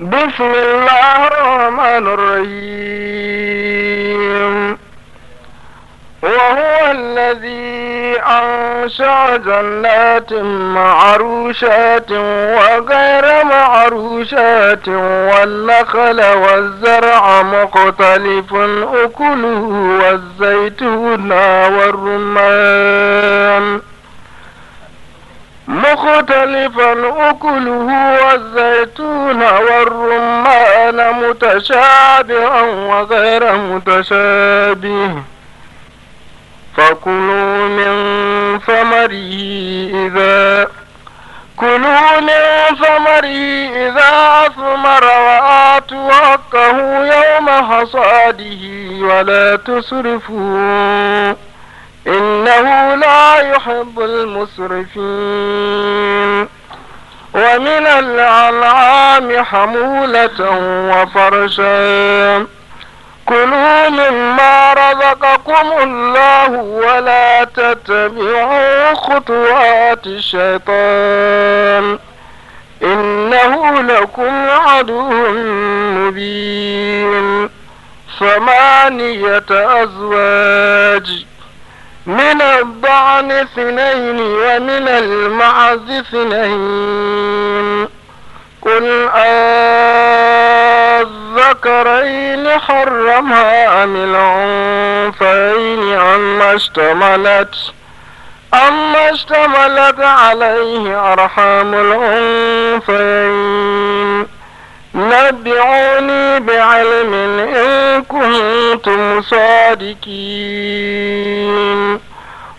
بسم الله الرحمن الرحيم وهو الذي أنشأ جنات معروشات وغير معروشات والنخل والزرع مختلف أكله والزيتون والرمان مختلفا أكله والزيتون والرمان متشابها وغير متشابه فكلوا من ثمره إذا كلوا من ثمره إذا أثمر وآتوا حقه يوم حصاده ولا تسرفوا إنه لا يحب المسرفين ومن الأنعام حمولة وفرشا كلوا مما رزقكم الله ولا تتبعوا خطوات الشيطان إنه لكم عدو مبين ثمانية أزواج من الضعن اثنين ومن المعز اثنين قل الذكرين حرمها أم العنفين أما اشتملت أما اشتملت عليه أرحام العنفين نبعوني بعلم إن كنتم صادقين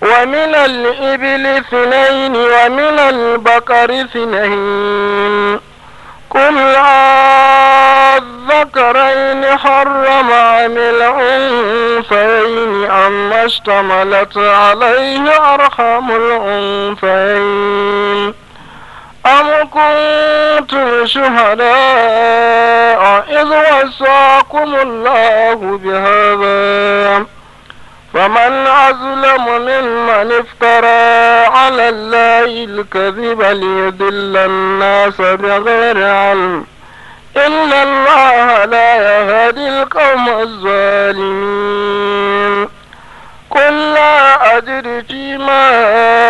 ومن الإبل اثنين ومن البقر اثنين قل الذكرين حرم عن الأنثيين أما اشتملت عليه أرحم الأنثيين أم كنتم شهداء إذ وساكم الله بهذا فمن أظلم ممن افترى على الله الكذب ليدل الناس بغير علم إن الله لا يهدي القوم الظالمين قل لا أدري فيما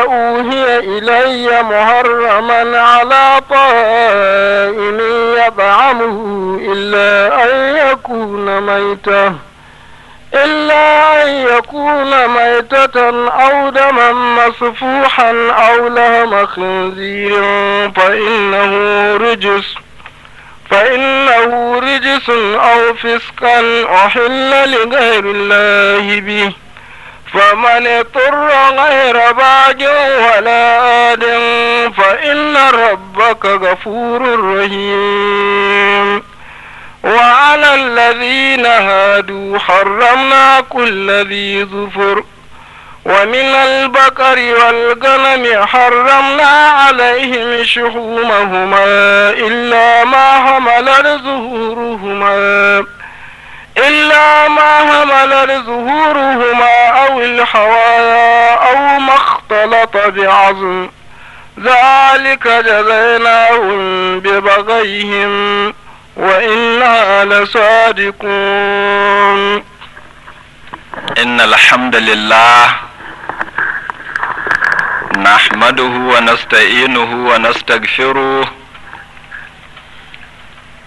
أوهي إلي محرما على طائم يطعمه إلا أن يكون ميتا إلا أن يكون ميتة أو دما مصفوحا أو لهم خنزير فإنه رجس فإنه رجس أو فسقا أحل لغير الله به فمن اضطر غير باج ولا آد فإن ربك غفور رحيم وعلى الذين هادوا حرمنا كل ذي ظفر ومن البقر والغنم حرمنا عليهم شحومهما إلا ما حملت ظهورهما إلا ما همل لظهورهما أو الحوايا أو ما اختلط بعظم ذلك جزيناهم ببغيهم وإنا لصادقون إن الحمد لله نحمده ونستعينه ونستغفره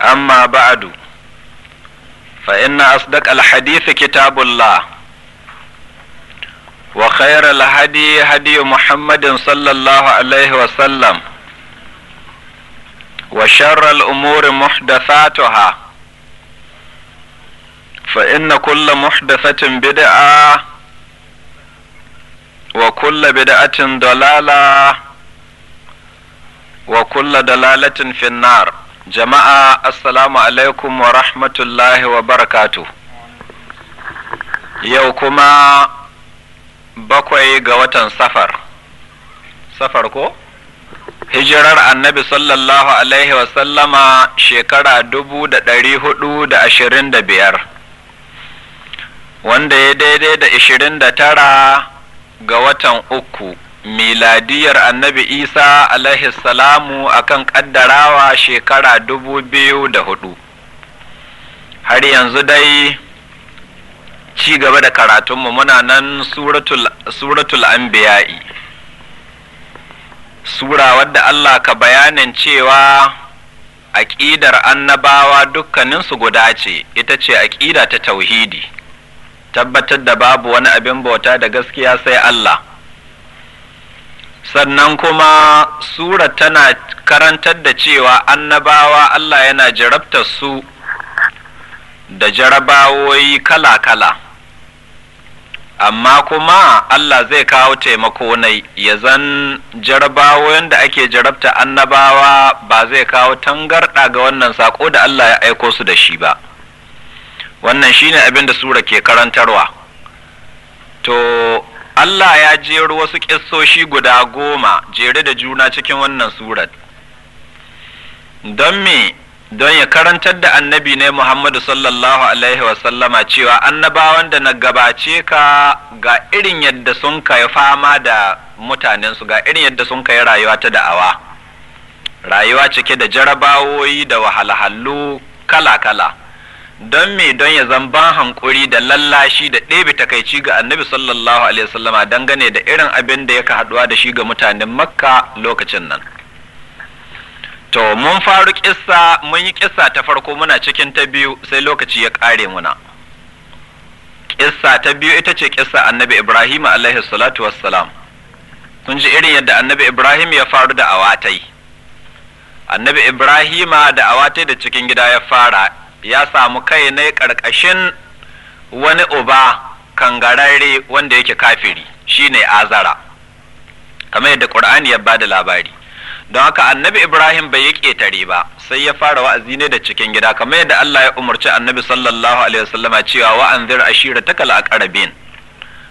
أما بعد فإن أصدق الحديث كتاب الله وخير الهدي هدي محمد صلى الله عليه وسلم وشر الأمور محدثاتها فإن كل محدثة بدعة وكل بدعة ضلالة وكل دلالة في النار jama'a assalamu alaikum wa rahmatullahi wa barakatu yau kuma bakwai ga watan safar safar ko hijirar annabi sallallahu alaihi wa sallama shekara dubu da ɗari hudu da ashirin da biyar wanda ya daidai da ashirin da tara ga watan uku miladiyar annabi isa alaihi salamu akan kaddarawa shekara dubu biyu da hudu har yanzu dai ci gaba da karatunmu muna nan suratul anbiya'i sura wadda allah ka bayanin cewa aƙidar annabawa dukkaninsu guda ce ita ce aƙida ta tauhidi tabbatar da babu wani abin bauta da gaskiya sai allah sannan kuma sura tana karantar da cewa annabawa Allah yana jarabtar su da jarabawoyi kala-kala amma kuma Allah zai kawo taimako nai ya zan jarabawoyin da ake jarabta annabawa ba zai kawo tangarɗa ga wannan sako da Allah ya aiko su da shi ba wannan shine abin da sura ke karantarwa to Allah ya jero wasu ƙissoshi guda goma jere da juna cikin wannan surat. Don me don ya karantar da annabi ne Muhammadu sallallahu Alaihi wasallama cewa annabawan da na gabace ka ga irin yadda sun kai fama da mutanensu ga irin yadda sun kai rayuwa ta da'awa. Rayuwa cike da jarabawoyi da wahalhalu kala-kala. don me don ya zan ban hankuri da lallashi da ɗebe takaici ga annabi sallallahu alaihi wasallama dangane da irin abin da yaka haɗuwa da shi ga mutanen makka lokacin nan to mun faru kissa mun yi kissa ta farko muna cikin ta biyu sai lokaci ya ƙare muna kissa ta biyu ita ce kissa annabi ibrahim alaihi salatu wassalam kun ji irin yadda annabi ibrahim ya faru da awatai annabi Ibrahim da awatai da cikin gida ya fara ya samu kai ne ƙarƙashin wani uba kan kangararre wanda yake kafiri shine azara kamar yadda ƙur'ani ya ba da labari don haka annabi ibrahim bai yi ƙetare ba sai ya fara wa'azi ne da cikin gida kamar yadda allah ya umarci annabi sallallahu alaihi a cewa a ashira ta kala aqrabin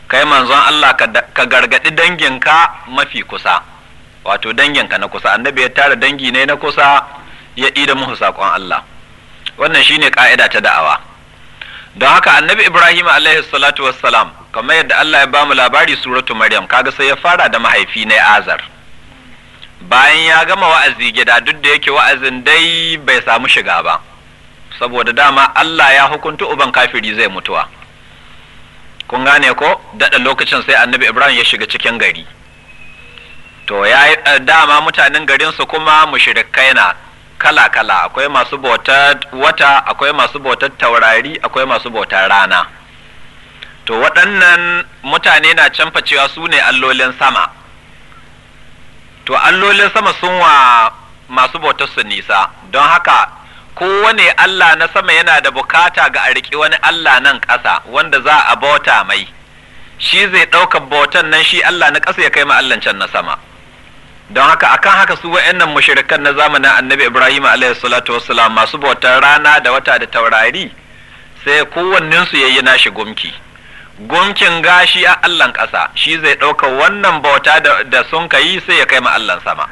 kai manzon allah ka gargadi danginka mafi kusa wato danginka na kusa annabi ya tara dangi ne na kusa ya ida muhu saƙon allah wannan shine ƙa'ida ta da'awa don haka annabi ibrahim alaihi salatu wassalam kamar yadda allah ya bamu labari suratu maryam kaga sai ya fara da mahaifi na azar bayan ya gama wa'azi gida duk da yake wa'azin dai bai samu shiga ba saboda dama allah ya hukunta uban kafiri zai mutuwa kun gane ko daɗa lokacin sai annabi ibrahim ya shiga cikin gari to ya eh, dama mutanen garinsu kuma mushrikai na kala-kala akwai masu bautar wata akwai masu bautar taurari akwai masu bautar rana to waɗannan mutane na canfa cewa su ne allolin sama to allolin sama sun wa masu bautar su nisa don haka kowane allah na sama yana da bukata ga a riƙe wani allah nan ƙasa wanda za a bauta mai shi zai ɗaukar bautan nan shi allah na ƙasa ya kai ma allah can na sama don haka akan haka su wa'annan mashirikan na zamanin annabi ibrahim wassalam masu bautar rana da wata da taurari sai ya yayi nashi gumki gumkin gashi a allan ƙasa shi zai ɗauka wannan bauta da sun ka yi sai ya kai ma allan sama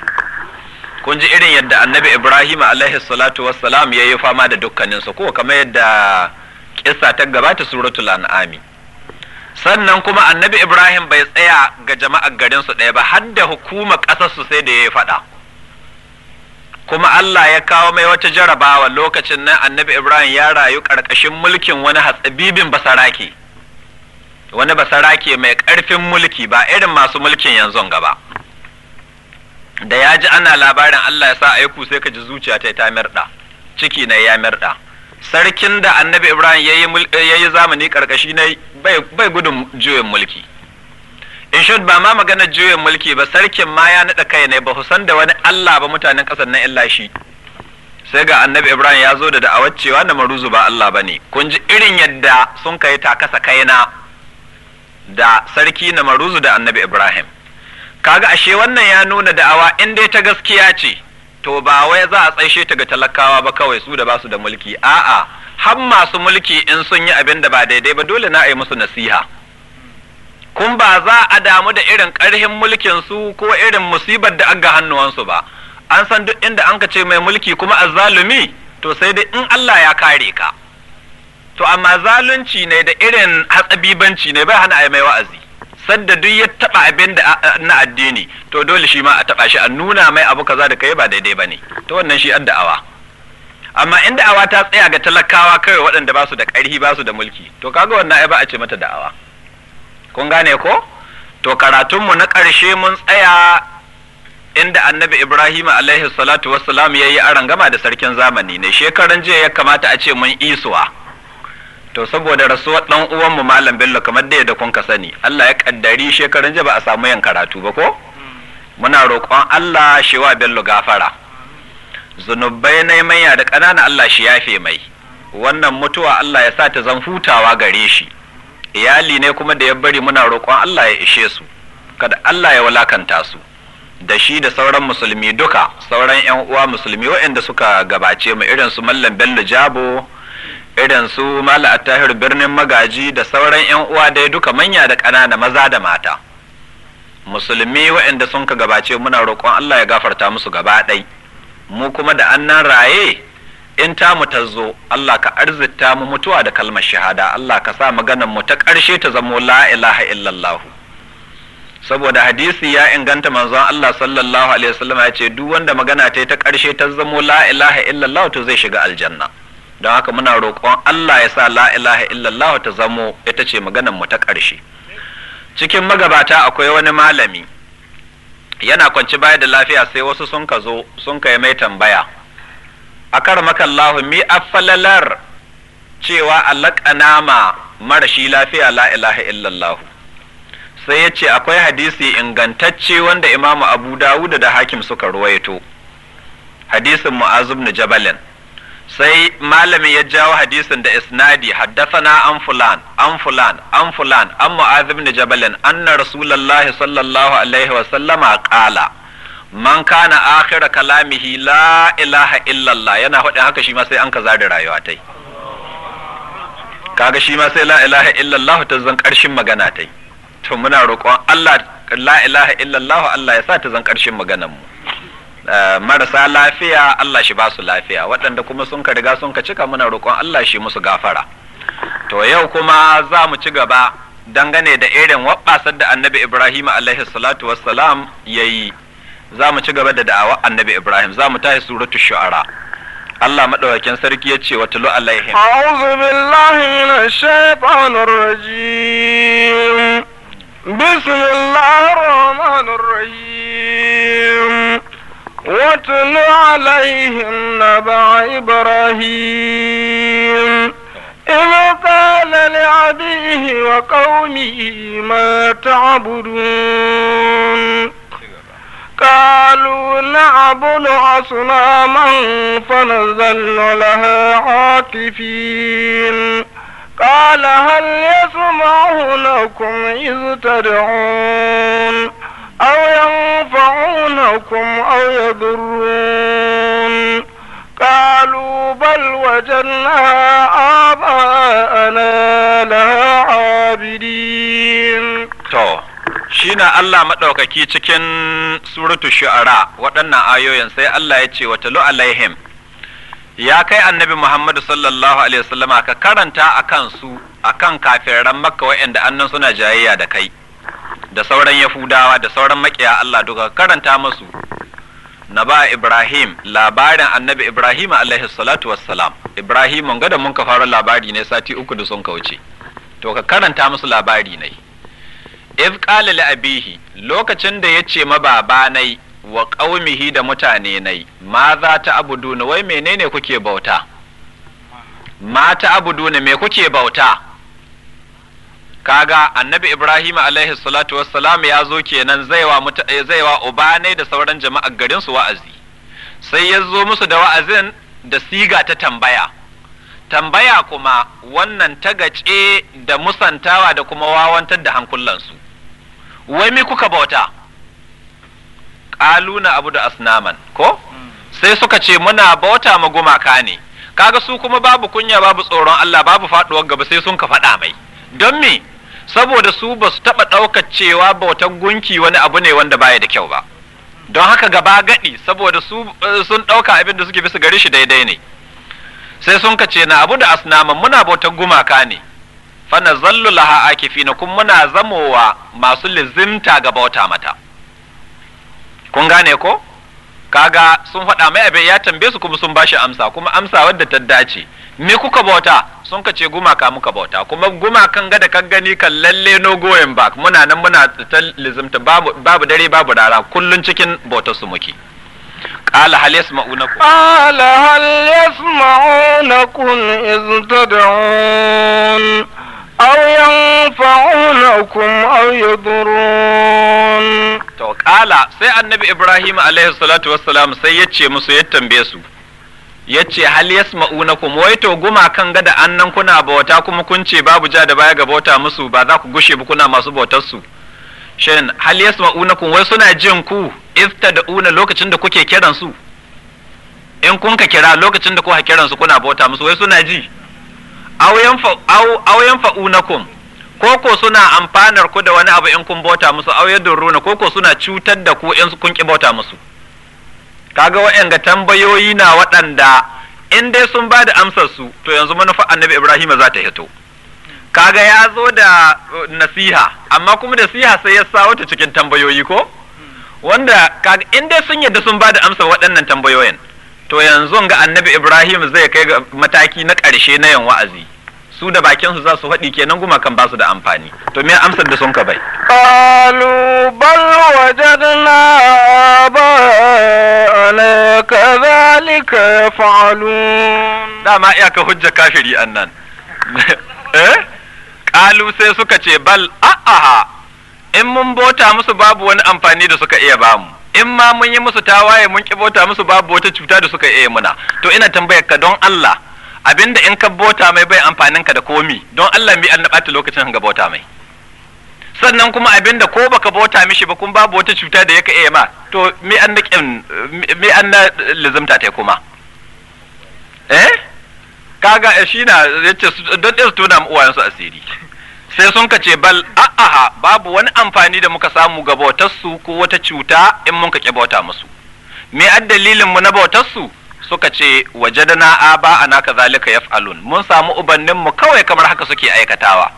kun ji irin yadda annabi ibrahim wassalam ya yi fama da dukkaninsu ko kamar yadda kissa ta gabata suratul an'ami sannan kuma annabi ibrahim bai tsaya ga jama'ar garinsu ɗaya ba har da hukumar su sai da ya yi faɗa kuma allah ya kawo mai wata jarabawa lokacin nan annabi ibrahim ya rayu ƙarƙashin mulkin wani hatsabibin basaraki wani basaraki mai ƙarfin mulki ba irin masu mulkin yanzu gaba da ya ji ana labarin allah ya sa aiku sai ka ji zuciya ta ta mirɗa ciki na ya mirɗa sarkin da annabi ibrahim ya yi zamani ƙarƙashi na bai gudun juyin mulki in ba ma magana juyin mulki ba sarkin ma ya naɗa kai ne ba husan da wani Allah ba mutanen ƙasar na illa shi sai ga annabi Ibrahim ya zo da da'awar cewa na maruzu ba Allah ba ne kun ji irin yadda sun kai takasa kaina da sarki na maruzu da annabi Ibrahim kaga ashe wannan ya nuna da'awa in dai ta gaskiya ce to ba wai za a tsaishe ta ga talakawa ba kawai su da basu da mulki a'a har masu mulki in sun yi abin da ba daidai ba dole na a yi musu nasiha kun ba za a damu da irin ƙarhin mulkin su ko irin musibar da aga hannuwansu ba an san duk inda an ka ce mai mulki kuma a zalumi to sai dai in Allah ya kare ka to amma zalunci ne da irin hatsabibanci ne bai hana a yi mai wa'azi sadda duk ya taɓa abin da na addini to dole shi ma a taɓa shi a nuna mai abu kaza da kai ba daidai ba ne to wannan shi addawa amma in da'awa ta tsaya ga talakawa kawai waɗanda ba su da ƙarfi ba su da mulki to kaga wannan ai ba a ce mata da'awa kun gane ko to karatunmu na ƙarshe mun tsaya inda annabi ibrahim alaihi salatu wassalam ya yi arangama da sarkin zamani ne shekaran jiya ya kamata a ce mun isuwa to saboda rasuwar ɗan uwanmu malam bello kamar da yadda kun ka sani allah ya ƙaddari shekaran jiya ba a samu yin karatu ba ko hmm. muna roƙon allah shewa bello gafara zunubai na manya da ƙanana Allah shi yafe mai wannan mutuwa Allah ya sa ta zan hutawa gare shi iyali ne kuma da ya bari muna roƙon Allah ya ishe su kada Allah ya walakanta su da shi da sauran musulmi duka sauran yan uwa musulmi waɗanda suka gabace mu irin su mallam bello jabo irin su mala attahir birnin magaji da sauran yan uwa dai duka manya da ƙanana maza da mata musulmi waɗanda sun ka gabace muna roƙon Allah ya gafarta musu gaba ɗaya mu kuma da annan raye in ta mu ta zo Allah ka arzita mu mutuwa da kalmar shahada Allah ka sa maganar mu ta ƙarshe ta zamo la ilaha illallah saboda hadisi ya inganta manzon Allah sallallahu alaihi wasallam ya ce duk wanda magana ta ta ƙarshe ta zamo la ilaha illallah to zai shiga aljanna don haka muna roƙon Allah ya sa la ilaha illallah ta zamo ita ce maganar mu ta ƙarshe cikin magabata akwai wani malami yana kwanci baya da lafiya sai wasu sun ka zo sun ka mai tambaya a karmakallahu mi afalalar cewa alaƙana ma marashi lafiya la ilaha illallah sai ya ce akwai hadisi ingantacce wanda imamu abu dawud da hakim suka ruwaito hadisin mu'azub na jabalin sai malamin ya jawo hadisin da isnadi haddathana an fulan an fulan an fulan an mu'adh ibn jabalin anna rasulullahi sallallahu alaihi wa sallama qala man kana akhir kalamihi la ilaha illallah yana faɗin haka shi ma sai an kaza da rayuwa tai kaga shi ma sai la ilaha illallah ta zan karshen magana tai to muna roƙon Allah la ilaha illallah Allah ya sa ta zan karshen maganar mu Eh, marasa lafiya Allah shi ba su lafiya waɗanda kuma sun ka riga sun ka cika muna roƙon Allah shi musu gafara to yau kuma za mu ci gaba dangane da irin waɓasar da annabi Ibrahim alaihi salatu wassalam ya yi za mu ci gaba da da'awa annabi Ibrahim za mu tashi suratu shu'ara Allah maɗaukakin sarki ya ce wa tulu alaihim a'udhu billahi minash shaitanir rajim bismillahir rahmanir rahim واتل عليهم نبع إبراهيم إذ قال لعبيه وقومه ما تعبدون قالوا نعبد أصناما فنزل لها عاكفين قال هل يسمعونكم إذ تدعون ينفعكم أو يضرون قالوا بل وجدنا آباءنا لها عابدين shine Allah maɗaukaki cikin suratu shu'ara waɗannan ayoyin sai Allah ya ce wa talu alaihim ya kai annabi Muhammadu sallallahu alaihi wasallama ka karanta akan su akan kafiran makka waɗanda annan suna jayayya da kai da sauran yahudawa da sauran makiya Allah duka karanta musu na ba Ibrahim labarin annabi Ibrahim alaihi salatu wassalam Ibrahim ga da mun ka fara labari ne sati uku da sun kauce to ka karanta musu labari ne if qala li abihi lokacin da yace ma baba nai wa qaumihi da mutane nai ma za ta ne wai menene kuke bauta ma ta ne me kuke bauta kaga annabi ibrahim alaihi salatu wassalam ya zo kenan eh, wa uba ne da sauran jama'ar garin su wa'azi sai ya zo musu da wa'azin da siga ta tambaya tambaya kuma wannan ta gace da musantawa da kuma wawantar da hankulansu wai mi kuka bauta ƙaluna abu da asnaman ko sai suka ce muna bauta ma gumaka ne kaga su kuma babu kunya babu tsoron Allah babu faɗuwar gaba sai sun ka faɗa mai don me saboda su ba su taɓa ɗaukar cewa bautar gunki wani abu ne wanda baya da kyau ba don haka gaba gaɗi saboda su eh, sun ɗauka abin da suke bisa gari shi daidai ne sai sun kace na abu da asnaman muna bautar gumaka ne fana zallu laha akifina kun muna zamowa masu lizimta ga bauta mata kun gane ko kaga sun faɗa mai abin ya tambaye su kuma sun ba shi amsa kuma amsa wadda ta dace me kuka bauta sun ka ce gumaka muka bauta kuma gumakan gada da kan gani kan lalle no goyen back muna nan muna ta lizimta babu dare babu rara kullun cikin bautar su muke قال هل يسمعونكم قال هل يسمعونكم iz tad'un أو ينفعونكم أو يضرون to قال sai annabi ibrahim عليه salatu والسلام sai yace musu ya tambaye su yace hal yasma'unakum wai to guma kan ga da annan kuna bauta kuma kun ce babu ja da baya ga bauta musu ba za ku gushe ba kuna masu bautar su shin hal yasma'unakum wai suna jin ku iftada'una lokacin da kuke kiran su in kun ka kira lokacin da kuka kiran su kuna bauta musu wai suna ji auyan fa'unakum ko ko suna amfanar ku da wani abu in kun bauta musu auyan durruna ko ko suna cutar da ku in kun ki bauta musu kaga ga tambayoyi na waɗanda in dai sun ba da amsar su to yanzu manufa annabi ibrahim za ta hito kaga ya zo da uh, nasiha amma kuma nasiha sai ya sa wata cikin tambayoyi ko wanda kaga in dai sun yadda sun ba da amsar waɗannan tambayoyin to yanzu ga annabi ibrahim zai kai ga mataki na ƙarshe na yan wa'azi su da bakin su za su faɗi kenan guma kan basu da amfani to me amsar da sun ka bai qalu bal wajadna ba ala kadhalika fa'alun dama ka hujja kafiri annan eh qalu sai suka ce bal a'a in mun bota musu babu wani amfani da suka iya bamu in ma mun yi musu tawaye mun ki bota musu babu wata cuta da suka iya muna to ina tambayar ka don Allah abinda in ka bota mai bai amfanin ka da komi don Allah mi annaba ta lokacin ga bota mai sannan kuma abinda ko baka bota mishi ba kun babu wata cuta da yake iya ma to mi an mi anna lazimta ta kuma eh kaga eh, shi na yace don ɗin su tona uwayensu asiri sai sun ka ce bal a'aha babu wani amfani da muka samu ga bautarsu ko wata cuta in mun ka bauta musu me ad dalilin mu na bautarsu suka ce wajadana aba ana kazalika yaf'alun mun samu ubannin mu kawai kamar haka suke aikatawa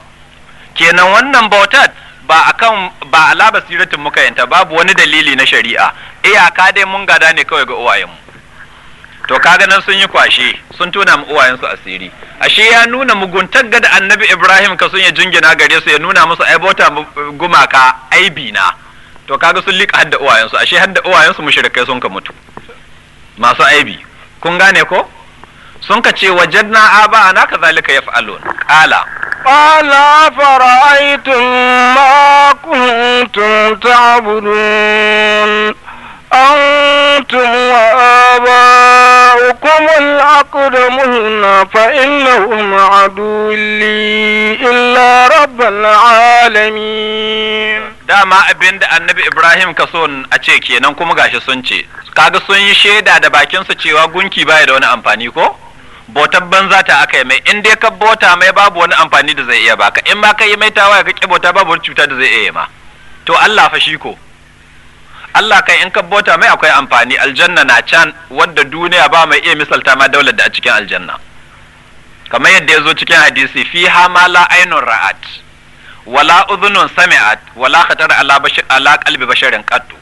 kenan wannan bautar ba akan ba ala basiratin muka yanta babu wani dalili na shari'a iyaka dai mun gada ne kawai ga uwayenmu to kaga nan sun yi kwashe sun tuna mu uwayensu asiri ashe ya nuna muguntar ga da annabi ibrahim ka sun ya jingina gare su ya nuna musu ai bota gumaka aibi na to kaga sun liƙa hadda uwayensu ashe hadda uwayensu mushrikai sun ka mutu masu aibi kun gane ko sun ka ce wajadna aba ana kazalika yaf'alun qala qala fara'aytum ma kuntum ta'budun أنتم wa الأقدم هنا فإنهم عدو لي إلا رب العالمين dama أبن da annabi Ibrahim ka son a ce kenan kuma gashi sun ce kaga sun yi shaida da bakinsu cewa gunki baya da wani amfani ko botar banza ta aka yi mai in dai ka bota mai babu wani amfani da zai iya baka in ma ka yi mai tawaye ka ƙi bota babu cuta da zai iya ma to Allah fa shi ko Allah kan in ka bota mai akwai amfani aljanna na can wadda duniya ba mai iya misalta ma daular da a cikin aljanna kamar yadda ya zo cikin hadisi fi ma la ainun ra'at wala udhunun sami'at wala khatar ala bashir ala qalbi basharin qattu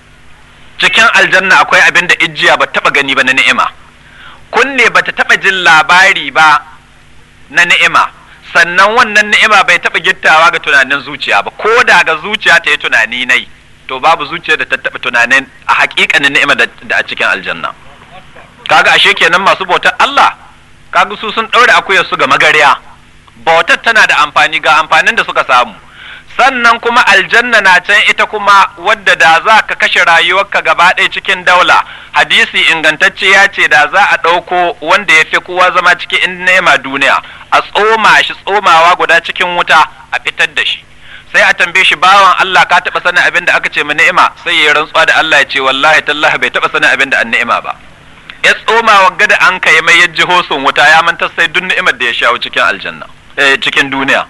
cikin aljanna akwai abin da ijiya ba taba gani ba na ni'ima kunne bata taba jin labari ba na ni'ima sannan wannan ni'ima bai taba gittawa ga tunanin zuciya ba ko da ga zuciya ta yi tunani nai to babu zuciya da ta taɓa tunanin a haƙiƙanin ni'ima da a cikin aljanna kaga ashe kenan masu bautar Allah kaga su sun ɗaure akuyar su ga magarya. bautar tana da amfani ga amfanin da suka samu sannan kuma aljanna na can ita kuma wadda da za ka kashe rayuwarka gaba ɗaya cikin daula hadisi ingantacce ya ce da za a ɗauko wanda ya fi kowa zama cikin nema duniya a tsoma shi tsomawa guda cikin wuta a fitar da shi sai a tambaye shi bawan Allah ka taɓa sanin abin da aka ce mu ni'ima sai ya rantsuwa da Allah ya ce wallahi tallahi bai taɓa sanin abin da an ni'ima ba ya tsoma wagga da an kai mai ya hosun wuta ya manta sai duk ni'imar da ya shawo cikin aljanna eh cikin duniya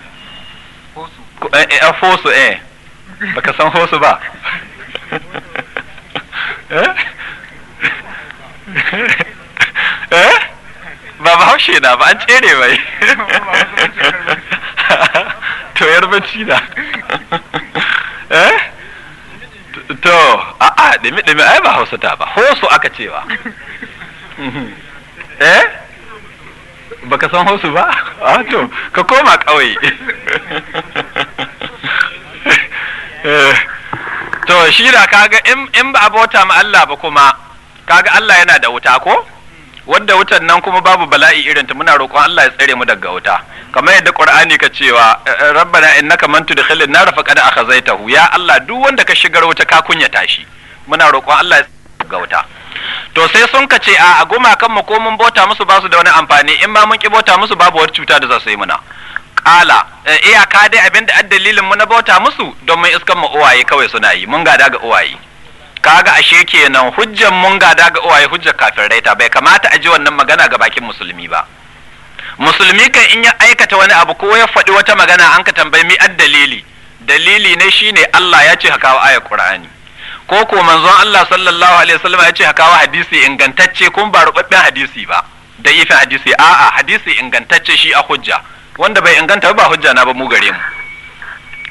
eh eh, eh baka san hosu ba eh? eh ba ba haushe na ba an tsere bai to bacci da eh to a a dimi dimi ai ba hausa ta ba hoso aka cewa eh baka san hosu ba a to ka koma ƙauye to shi da kaga in ba a bauta ma Allah ba kuma kaga Allah yana da wuta ko wanda wutan nan kuma babu bala'i irin ta muna roƙon Allah ya tsare mu daga wuta kamar yadda Qur'ani ka cewa eh, eh, rabbana innaka man tudkhilin nar ta akhazaitahu ya Allah duk wanda ka shigar wuta ka kunya tashi. muna roƙon Allah ya tsare daga wuta to sai sun ka ce a gumakan mu ko mun bota musu basu da wani amfani in ma mun ki bota musu babu wata cuta da za su yi muna kala eh, iyaka dai abinda addalilin mu na bota musu don mun iskan mu uwaye kawai suna yi mun gada ga uwaye kaga ashe kenan hujjan mun gada ga uwaye hujjar kafirai ta bai kamata a ji wannan magana ga bakin musulmi ba musulmi kan in ya aikata wani abu ko ya faɗi wata magana an ka tambayi mi dalili dalili ne shine Allah ya ce haka ayat Qur'ani ko ko manzon Allah sallallahu alaihi wasallam ya ce haka hadisi ingantacce kun ba rubabben hadisi ba da ifin hadisi a'a hadisi ingantacce shi a hujja wanda bai inganta ba hujja na ba mu gare mu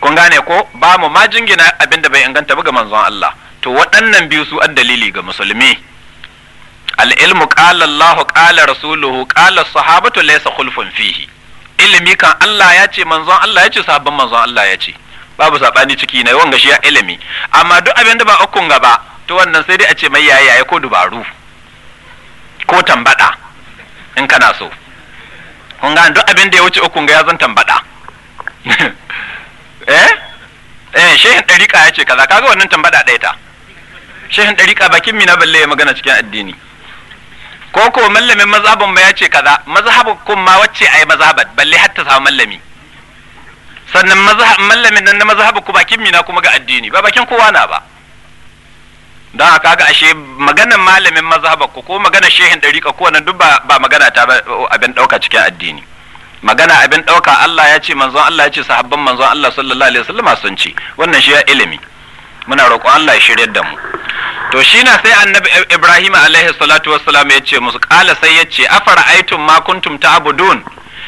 kun gane ko ba mu ma jingina abinda bai inganta ba ga manzon Allah to waɗannan biyu su dalili ga musulmi al'ilmu ƙala Allah ƙala rasuluhu ƙala sahabatu laysa khulfun fihi ilimi kan Allah ya ce manzon Allah ya ce sahabban manzon Allah ya ce babu sabani ciki na wanga shi ya ilimi amma duk abin da ba ukun gaba to wannan sai dai a ce mai yaya ko dubaru ko tambada in kana so kun ga duk abin da ya wuce ukun ga ya zan tambada eh eh shehin dariƙa ya ce kaza kaga wannan tambada ɗaya ta shehin ɗariƙa bakin mina balle ya magana cikin addini ko ko mallamin mazhabin ma ya ce kaza mazhabin kun ma wacce ai mazhabat balle har ta samu mallami sannan mallamin nan na mazhabi ku bakin mina kuma ga addini ba bakin kowa na ba don haka ga ashe maganar malamin mazhabar ku ko maganar shehin ɗariƙa ko wannan duk ba magana ta ba abin ɗauka cikin addini magana abin ɗauka Allah ya ce manzon Allah ya ce sahabban manzon Allah sallallahu alaihi wasallam sun ce wannan shi ya ilimi muna roƙon Allah ya shirya da mu to shine sai annabi Ibrahim alaihi salatu wassalam ya ce musu kala sai ya ce afara aitum ma kuntum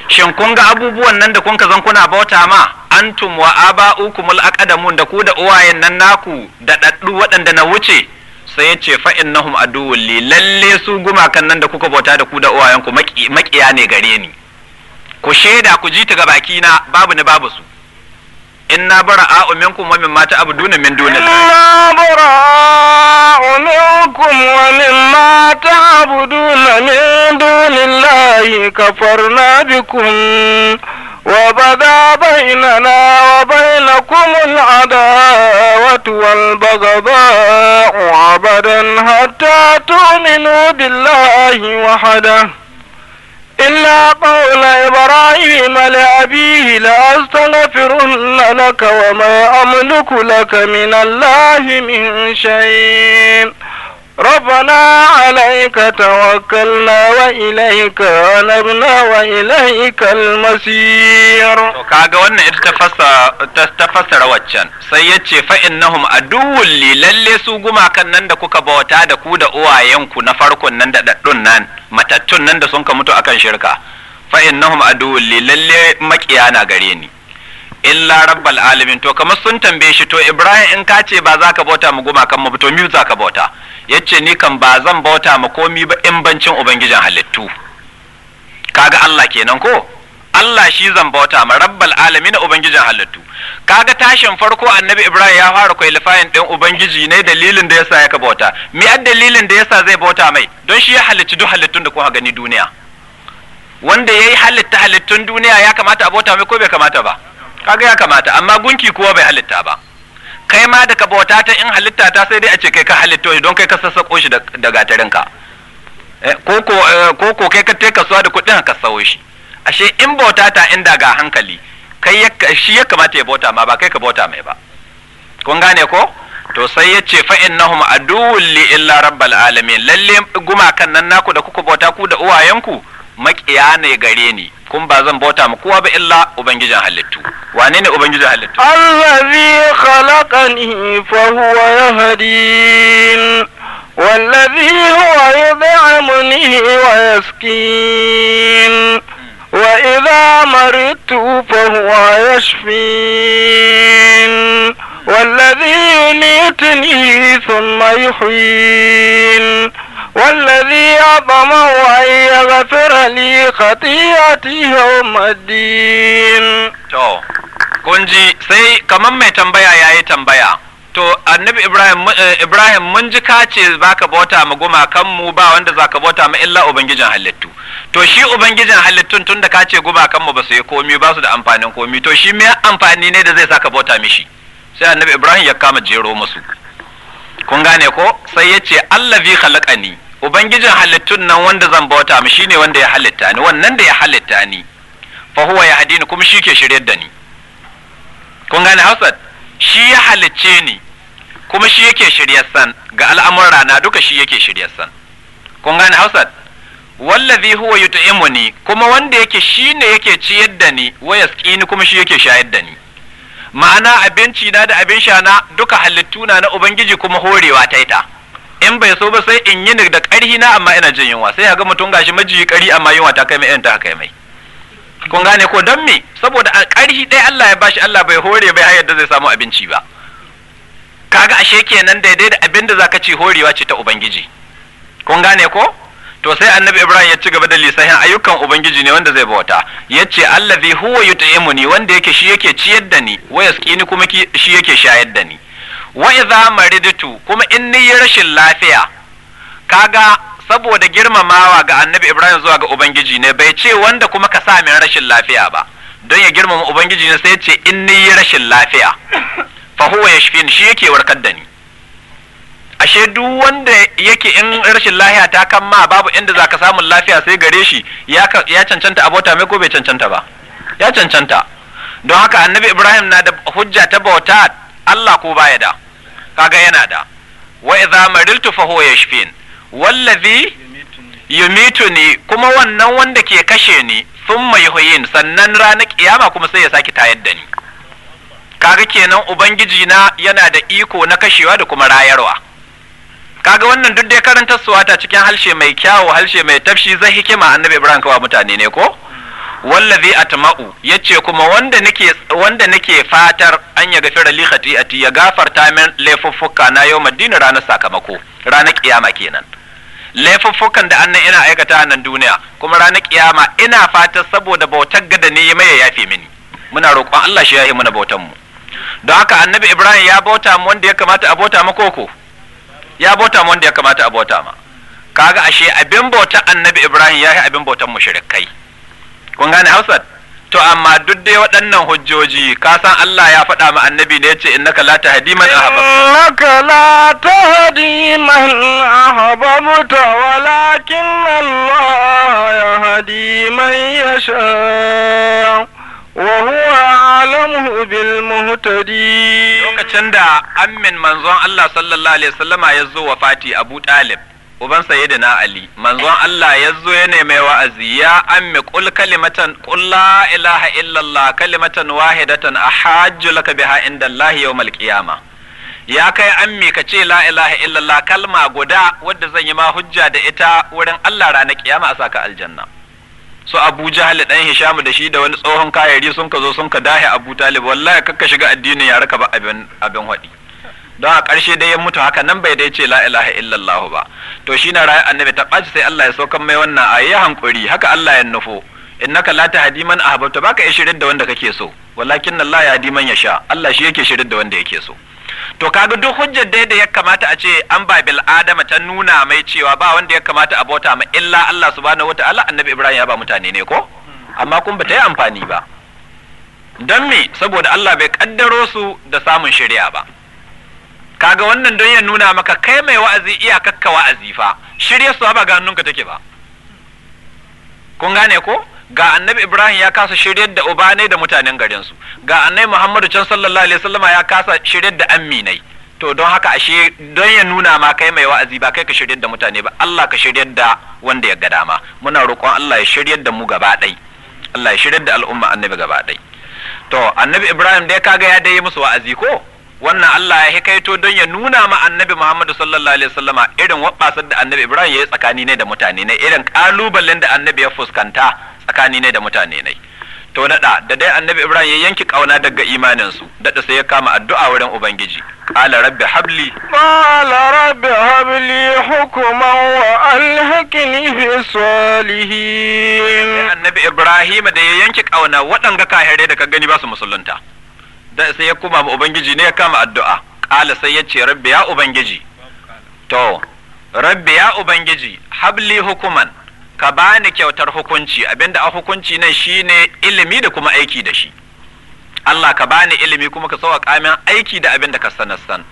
shin kun ga abubuwan nan da kun ka zan kuna bauta ma antum wa aba'ukumul aqdamun da ku da uwayen nan naku da daddu waɗanda na wuce sai ya ce fa innahum aduwwul li lalle su gumakan nan da kuka bauta da ku da uwayen ku makiya ne gare ni ku shaida ku ji ta ga baki na babu ni babu su إنا براء منكم ومما تعبدون من دون الله إنا براء منكم ومما تعبدون من دون الله كفرنا بكم وبدا بيننا وبينكم العداوة والبغضاء أبدا حتى تؤمنوا بالله وحده إلا قول إبراهيم لأبيه لأستغفرن لك وما أملك لك من الله من شيء ربنا عليك توكلنا وإليك أنبنا وإليك المصير kaga wannan ita ta fassara waccan sai yace ce fa'innahum aduwwul li lalle su gumakan nan da kuka bauta da ku da uwayenku na farkon nan da daddun nan matattun nan da sun mutu akan shirka fa'innahum aduwwul li lalle makiya na gare ni illa rabbal alamin to kamar sun tambaye shi to Ibrahim in ka ce ba za ka bauta mu gumakan mu to mi za ka bauta yace ni kan ba zan bauta ma komi ba in bancin ubangijin halittu kaga Allah kenan ko Allah shi zan bauta ma rabbal alamin ubangijin halittu kaga tashin farko annabi Ibrahim ya fara lifayin din ubangiji ne dalilin da yasa ya ka bauta me ad dalilin da yasa zai bauta mai don shi ya halitta duk halittun da kuma gani duniya wanda yayi halitta halittun duniya ya kamata a bauta mai ko bai kamata ba kaga ya kamata amma gunki kuwa bai halitta ba kai ma da ka bauta ta in halitta ta sai dai a ce kai ka halitta shi don kai ka sassaƙo shi da gatarin eh, eh, ko ko kai ka te kasuwa da kuɗin ka sawo shi ashe in bauta ta inda ga hankali kai shi ya kamata ya bauta ma ba kai ka bauta mai ba kun gane ko to sai ya ce fa'in nahum a li illa rabbal alamin lalle gumakan nan naku da kuka bauta ku da uwayenku makiya ne gare ni kun ba zan bauta ma kowa ba illa ubangijin halittu wane ne ubangijin halittu allazi khalaqani fa huwa yahdin wallazi huwa yud'amuni wa yaskin wa idha maritu fa huwa yashfin wallazi yumitni thumma yuhyin والذي أطمع أن يغفر لي خطيئتي يوم الدين to kun ji sai kamar mai tambaya ya yi tambaya to annabi ibrahim eh, ibrahim mun ji ka ce zaka bauta ma gumakan mu ba wanda zaka bauta ma illa ubangijin halittu to shi ubangijin halittun tunda kace ka ce gumakan mu ba su yi komi ba su da amfanin komi to shi me amfani ne da zai saka bauta mishi sai annabi ibrahim ya kama jero musu kun gane ko sai ya ce allazi khalaqani ubangijin halittun nan wanda zan bauta mu shine wanda ya halitta ni wannan da ya halitta ni fa huwa ya hadini kuma shi ke shiryar da ni kun gane hausat shi ya halicce ni kuma shi yake shiryar san ga al'amuran rana duka shi yake shiryar san kun gane hausat wallazi huwa yut'imuni kuma wanda yake shine yake ciyar da ni wa yasqini kuma shi yake shayar da ni ma'ana abinci na da abin sha na duka halittuna na na ubangiji kuma horewa taita in bai so ba sai in yi ni da ƙarhi na amma ina jin yunwa sai ga mutum gashi majiyi ƙari amma yunwa ta kai mai irin ta kai mai kun gane ko don me saboda a ƙarhi ɗaya Allah ya bashi Allah bai hore bai har yadda zai samu abinci ba ka ga ashe kenan daidai da abin da zaka ci horewa ce ta ubangiji kun gane ko to sai annabi ibrahim ya ci gaba da lisahin ayyukan ubangiji ne wanda zai bauta ya ce allazi huwa yut'imuni wanda yake shi yake ciyar da ni wa yasqini kuma shi yake shayar da ni wa iza maridtu kuma in ni rashin lafiya kaga saboda girmamawa ga annabi ibrahim zuwa ga ubangiji ne bai ce wanda kuma ka sa min rashin lafiya ba don ya girmama ubangiji ne sai ce in ni rashin lafiya fa huwa yashfin shi yake warkar da ni ashe duk wanda yake in rashin lafiya ta kan ma babu inda za ka samu lafiya sai gare shi ya cancanta abota mai ko bai cancanta ba ya cancanta don haka annabi ibrahim na da hujja ta bauta allah ko baya da kaga yana da wa idza mariltu fa huwa yashfin wallazi yumituni kuma wannan wanda ke kashe ni thumma yuhyin sannan rana kiyama kuma sai ya saki tayar da ni kaga kenan ubangiji na yana da iko na kashewa da kuma rayarwa kaga wannan duk dai karantar suwata cikin halshe mai kyawu halshe mai tafshi zai hikima annabi ibrahim kawai mutane ne ko wallazi atma'u yace kuma wanda nake wanda nake fatar an ya gafira li khati'ati ya gafarta min laifuffuka na yau madina ranar sakamako ranar kiyama kenan laifuffukan da annan ina aikata nan duniya kuma ranar kiyama ina fatar saboda bautar gada ne mai yafe mini muna roƙon Allah shi ya yi mana bautan mu don haka annabi Ibrahim ya bauta mu wanda ya kamata a bauta ma koko ya bauta mu wanda ya kamata a bauta ma kaga ashe abin bautar annabi Ibrahim ya yi abin bautan mushrikai kun gane hausar to amma duk dai waɗannan hujjoji ka san Allah ya faɗa ma annabi ne yace innaka la tahdi man ahbabta innaka la tahdi man ahbabta walakin Allah yahdi man yasha wa huwa alamu bil muhtadi lokacin da amin manzon Allah sallallahu alaihi wasallama ya zo wa Fati Abu Talib uban sayyidina ali manzon Allah ya zo ya neme wa'azi ya ammi qul kalimatan ilaha illallah kalimatan wahidatan ahajju laka biha inda Allah yawmal qiyama ya kai ammi ka ce la ilaha illallah kalma guda wadda zan yi ma hujja da ita wurin Allah rana kiyama a saka aljanna su Abu Jahal dan Hisham da shi da wani tsohon kayari sun ka zo sun ka dahi Abu Talib wallahi kakka shiga addinin ya raka ba abin abin hadi don a ƙarshe dai ya mutu haka nan bai dai ce la ilaha illallah ba to shi na rayu annabi ta ɓaci sai Allah ya saukan mai wannan a yi hankuri haka Allah ya nufo innaka la a man ahbabta baka ya shirin da wanda kake so walakin la ya hadi ya sha. Allah shi yake shirin da wanda yake so to kaga duk hujjar dai da ya kamata a ce an ba bil adama ta nuna mai cewa ba wanda ya kamata a bauta ma illa Allah subhanahu wataala annabi Ibrahim ya ba mutane ne ko amma kun ba ta yi amfani ba don me saboda Allah bai kaddaro su da samun shari'a ba kaga wannan don ya nuna maka kai mai wa'azi iya kakka wa'azi fa shirya su ba ga take ba kun gane ko ga annabi ibrahim ya kasa shiryar da uba ne da mutanen garinsu ga annabi muhammadu can sallallahu alaihi wasallama ya kasa shiryar da amminai to don haka ashe don ya nuna ma kai mai wa'azi ba kai ka shiryar da mutane ba Allah ka shiryar da wanda ya ga dama muna roƙon Allah ya shiryar da mu gaba ɗai Allah ya shiryar da al'umma annabi gaba ɗai to annabi ibrahim dai kaga ya dai musu wa'azi ko wannan Allah ya hikaito don ya nuna ma annabi Muhammadu sallallahu alaihi wasallama irin waɓasar da annabi Ibrahim ya yi tsakani ne da mutane ne irin kalubalen da annabi ya fuskanta tsakani ne da mutane ne to naɗa da dai annabi Ibrahim ya yanki ƙauna daga imaninsu daɗa sai ya kama addu'a wurin Ubangiji qala rabbi habli qala rabbi habli hukman wa alhaqni bi salihin annabi Ibrahim da ya yanki ƙauna waɗanga kahere da ka gani ba su musulunta sai ya kuma ma ubangiji ne ya kama addu'a ƙala sai ya ce rabbi ya ubangiji to rabbi ya ubangiji habli hukuman ka bani kyautar hukunci abinda a hukunci nan shine ilimi da kuma aiki da shi Allah ka bani ilimi kuma ka sauƙa min aiki da abinda ka sanar san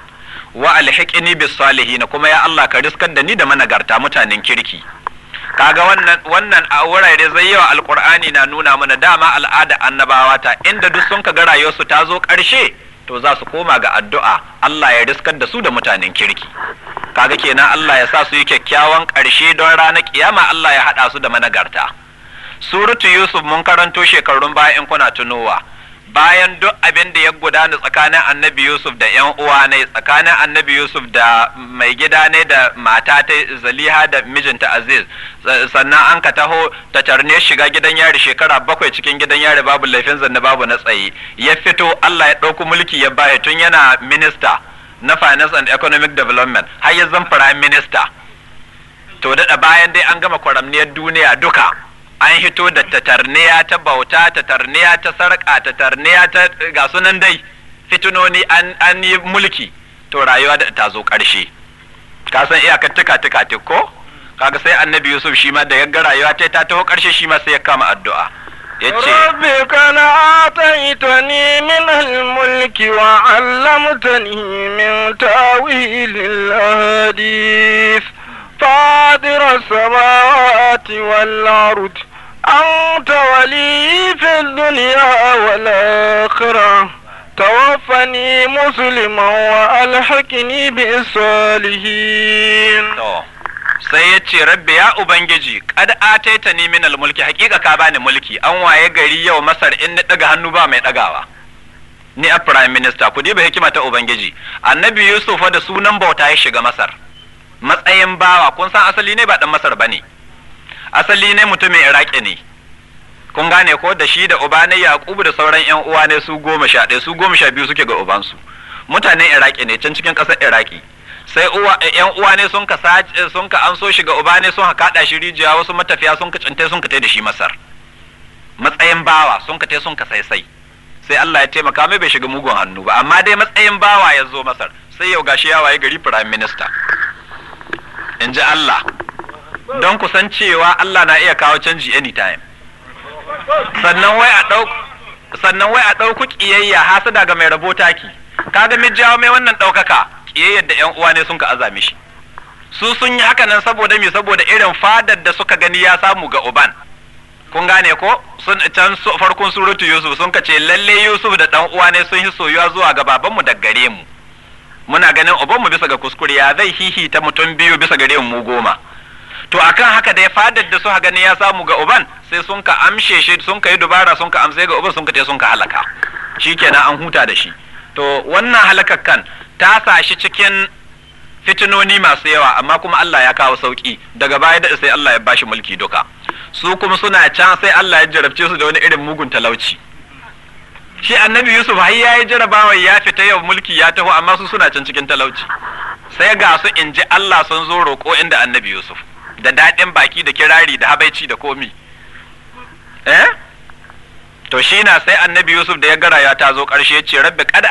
wa alhiqni bis salihin kuma ya Allah ka riskar da ni da managarta mutanen kirki kaga wannan wannan a wurare zai yawa alkur'ani na nuna mana dama al'ada annabawa ta inda duk sun ga rayuwarsu ta zo ƙarshe to za su koma ga addu'a Allah ya riskar da su da mutanen kirki kaga kenan Allah ya sa su yi kyakkyawan ƙarshe don ranar kiyama Allah ya haɗa su da managarta suratu yusuf mun karanto shekarun baya in kuna tunowa bayan duk abin da ya gudana tsakanin annabi yusuf da yan uwa ne tsakanin annabi yusuf da mai gida ne da mata ta zaliha da mijinta aziz sannan an ka taho ta tarne shiga gidan yari shekara bakwai cikin gidan yari babu laifin zanne babu na tsaye ya fito allah ya ɗauki mulki ya baya tun yana minista na finance and economic development har ya zan prime minister to daɗa bayan dai an gama kwaramniyar duniya duka an hito da tatarniya ta bauta tatarniya ta sarƙa tatarniya ta ga sunan dai fitinoni an yi mulki to rayuwa da ta zo ƙarshe ka san iyakar tuka tuka ko kaga sai annabi yusuf shi ma da yagga rayuwa ta ta taho ƙarshe shi ma sai ya kama addu'a yace rabbi kana ataitani min al-mulki wa 'allamtani min ta'wil al-hadith فاطر السماوات والأرض أنت ولي في الدنيا والآخرة توفني مسلما وألحقني بالصالحين sai ya ce rabbi ya ubangiji kad ataita ni min al-mulki, hakika ka bani mulki an waye gari yau masar in na daga hannu ba mai dagawa ni a prime minister ku diba hikima ta ubangiji annabi yusuf da sunan bauta ya shiga masar matsayin bawa kun san asali ne ba dan masar bane asali ne mutumin iraki ne kun gane ko da shi da uba ne yaqubu da sauran yan uwa ne su goma sha ɗaya su goma sha biyu suke ga ubansu mutanen iraki ne can cikin ƙasar iraki sai uwa yan uwa ne sun ka sun ka anso shi ga uba ne sun haɗa shi rijiya wasu matafiya sun ka cinta sun ka da shi masar matsayin bawa sun ka sun ka sai sai sai Allah ya taimaka mai bai shiga mugun hannu ba amma dai matsayin bawa ya zo masar sai yau gashi ya waye gari prime minister in ji Allah don ku san cewa Allah na iya kawo canji anytime sannan wai a ɗauku ƙiyayya hasada ga mai rabo taki kaga mai jawo mai wannan ɗaukaka ƙiyayyar da 'yan uwa ne sun ka azame shi su sun yi haka nan saboda saboda irin fadar da suka gani ya samu ga uban kun gane ko sun can farkon surutu Yusuf sun kace lalle Yusuf da ɗan uwa ne sun yi soyuwa zuwa ga babanmu da gare mu muna ganin ubanmu bisa ga kuskure ya zai hihita mutum biyu bisa gare mu goma to akan haka da ya fadar da su ha gani ya samu ga uban sai sun ka amshe shi sun ka yi dubara sun ka amsa ga uban sun ka ce sun ka halaka shikenan an huta da shi to wannan halakar kan ta sa shi cikin fitinoni masu yawa amma kuma Allah ya kawo sauki daga baya da sai Allah ya bashi mulki duka su kuma suna can sai Allah ya jarabce su da wani irin mugun talauci shi annabi Yusuf har ya yi jarabawa ya fita yau mulki ya taho amma su suna can cikin talauci sai ga su in ji Allah sun zo roƙo inda annabi Yusuf da daɗin baki da kirari da habaici da komi eh to shi na sai annabi yusuf da ya gara ya ta zo ƙarshe ce rabbi kad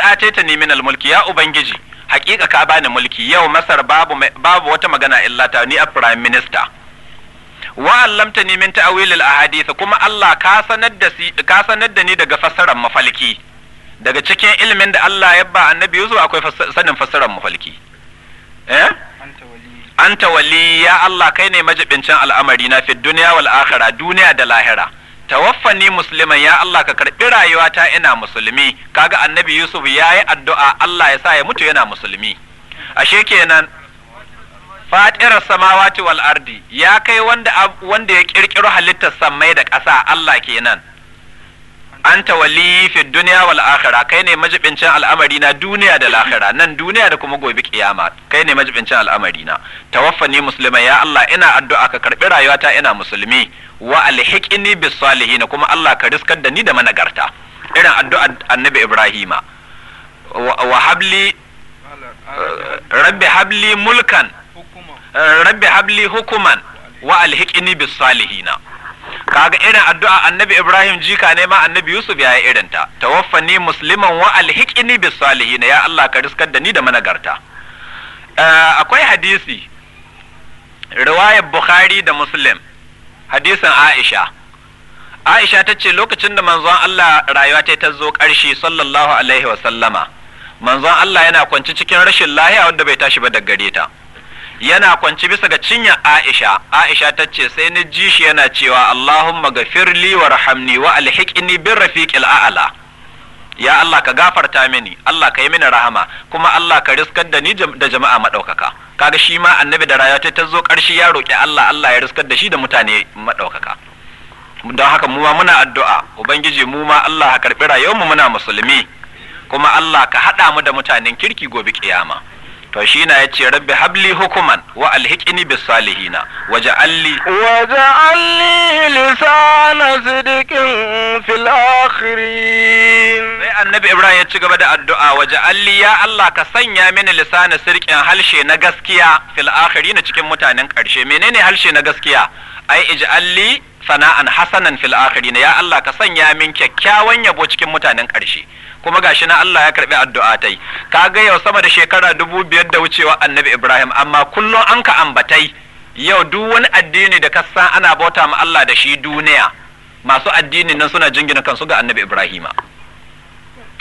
ateta ni min almulki ya ubangiji hakika ka bani mulki yau masar babu babu wata magana illa ta ni a prime minister wa allamta ni min ta'wil al kuma Allah ka sanar da ka sanar da ni daga fasaran mafalki daga cikin ilimin da Allah ya ba annabi yusuf akwai sanin fasaran mafalki eh anta wali ya Allah kai ne majibincin al'amari na fi duniya wal akhira duniya da lahira tawaffani musliman ya Allah ka karbi rayuwata ina musulmi kaga annabi Yusuf yayi addu'a Allah ya sa ya mutu yana musulmi ashe kenan fatirar samawati wal ardi ya kai wanda wanda ya kirkiro halittar sammai da ƙasa Allah kenan anta wali fi dunya wal akhirah kai ne majibincin al'amari na duniya da lahira nan duniya da kuma gobe kiyama kai ne majibincin al'amari na tawaffani musulmai ya Allah ina addu'a ka karbi rayuwata ina musulmi wa alhiqni bis salihin kuma Allah ka riskar da ni da managarta irin addu'a annabi Ibrahima wa habli eh, rabbi habli mulkan eh, rabbi habli hukuman wa alhiqni bis salihina kaga irin addu'a annabi ibrahim jika ne ma annabi yusuf ya yi irinta tawaffani musliman wa alhiqni bis salihin ya allah ka riskar da ni da managarta eh, akwai hadisi riwayar bukhari da muslim hadisin aisha aisha ta ce lokacin da manzon allah rayuwa ta ta zo ƙarshe sallallahu alaihi wa sallama manzon allah yana kwanci cikin rashin lahiya wanda bai tashi ba gare ta yana kwanci bisa ga cinya Aisha Aisha ta ce sai ni ji shi yana cewa Allahumma gafirli warhamni wa alhiqni bir rafiqil a'la ya Allah ka gafarta mini Allah ka yi mini rahama kuma Allah ka riskar da ni da jama'a madaukaka kaga shi ma annabi da rayuwa ta zo karshe ya roki Allah Allah ya riskar da shi da mutane madaukaka don haka mu ma muna addu'a ubangiji mu ma Allah ka karbi rayuwar mu muna musulmi kuma Allah ka haɗa mu da mutanen kirki gobe ƙiyama. to shi na yace rabbi habli hukuman wa alhikini bis salihina alli. waj'alli lisana sidikin fil akhirin sai annabi ibrahim ya ci gaba da addu'a alli ya allah ka sanya mini lisana sirkin halshe na gaskiya fil akhirin cikin mutanen karshe menene halshe na gaskiya ai ij'alli sana'an hasanan fil akhirin ya allah ka sanya min kyakkyawan yabo cikin mutanen karshe kuma gashi na Allah ya karbi addu'a tai ga yau sama da shekara dubu biyar da wucewa annabi Ibrahim amma kullum an ka ambatai yau duk wani addini da kasa ana bauta ma Allah da shi duniya masu addinin nan suna jingina kansu ga annabi Ibrahima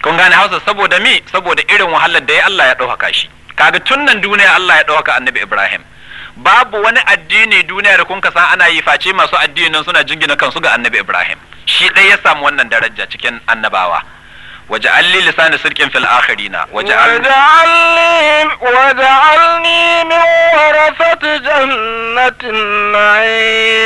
kun gane Hausa saboda mi saboda irin wahalar da ya Allah ya ɗaukaka shi kaga tun nan duniya Allah ya ɗaukaka annabi Ibrahim babu wani addini duniya da kun san ana yi face masu addinin suna jingina kansu ga annabi Ibrahim shi ɗaya ya samu wannan daraja cikin annabawa واجعل لي لسان صدق في الآخرين واجعلني واجعلني من ورثة جنة النعيم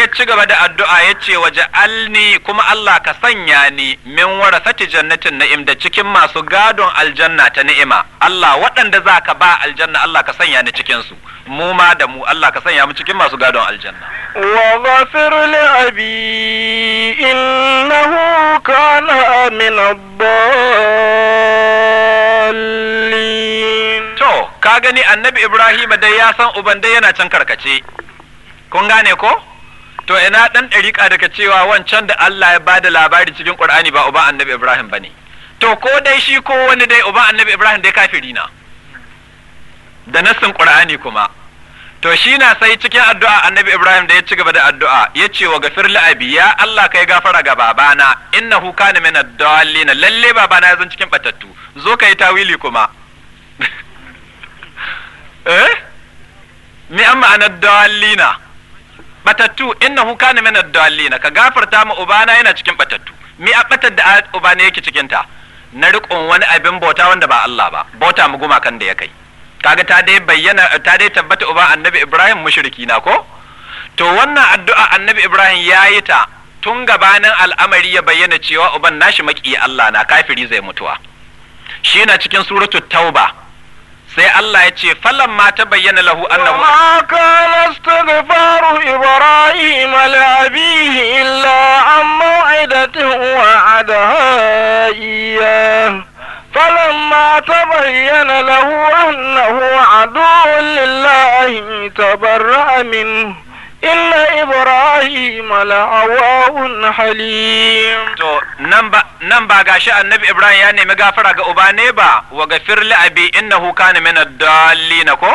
ya ci gaba da addu'a yace waja'alni kuma Allah ka sanya ni min warathati jannatin na'im da cikin masu gadon aljanna ta ni'ima Allah waɗanda za ka ba aljanna Allah ka sanya ni cikin su mu ma da mu Allah ka sanya mu cikin masu gadon aljanna wa ghafir li abi innahu kana min الضالين to ka gani annabi Ibrahim dai ya san uban dai yana can karkace kun gane ko to ina dan dariƙa daga cewa wancan da Allah ya bada labari cikin Qur'ani ba uban annabi Ibrahim bane to ko dai shi ko wani dai uban annabi Ibrahim dai kafiri na da nassin Qur'ani kuma to shi na sai cikin addu'a annabi ibrahim da ya ci gaba da addu'a ya ce wa gafir la'abi ya allah kai gafara ga babana huka ni min ad na lalle babana ya zan cikin batattu zo ka yi tawili kuma eh me an ma'ana na batattu huka ni min ad na ka gafarta ma ubana yana cikin batattu me a batar da ubana yake cikinta na riƙon wani abin bauta wanda ba Allah ba bauta mu gumakan da ya kai kaga ta dai bayyana ta dai tabbata uban annabi ibrahim mushriki na ko to wannan addu'a annabi ibrahim ya yi ta tun gabanin al'amari ya bayyana cewa uban nashi maki allah na kafiri zai mutuwa shi na cikin suratu tauba sai Allah ya ce falan ma ta bayyana lahu annahu ma kana istighfaru ibrahim li abihi illa an mau'idatin wa'adaha فلما تبين له أنه عدو لله تبرأ منه إلا إبراهيم لأواء حليم تو نمبا نمبا غاشا النبي إبراهيم يعني مغافرة غوباني با وغفر لأبي إنه كان من الدالين كو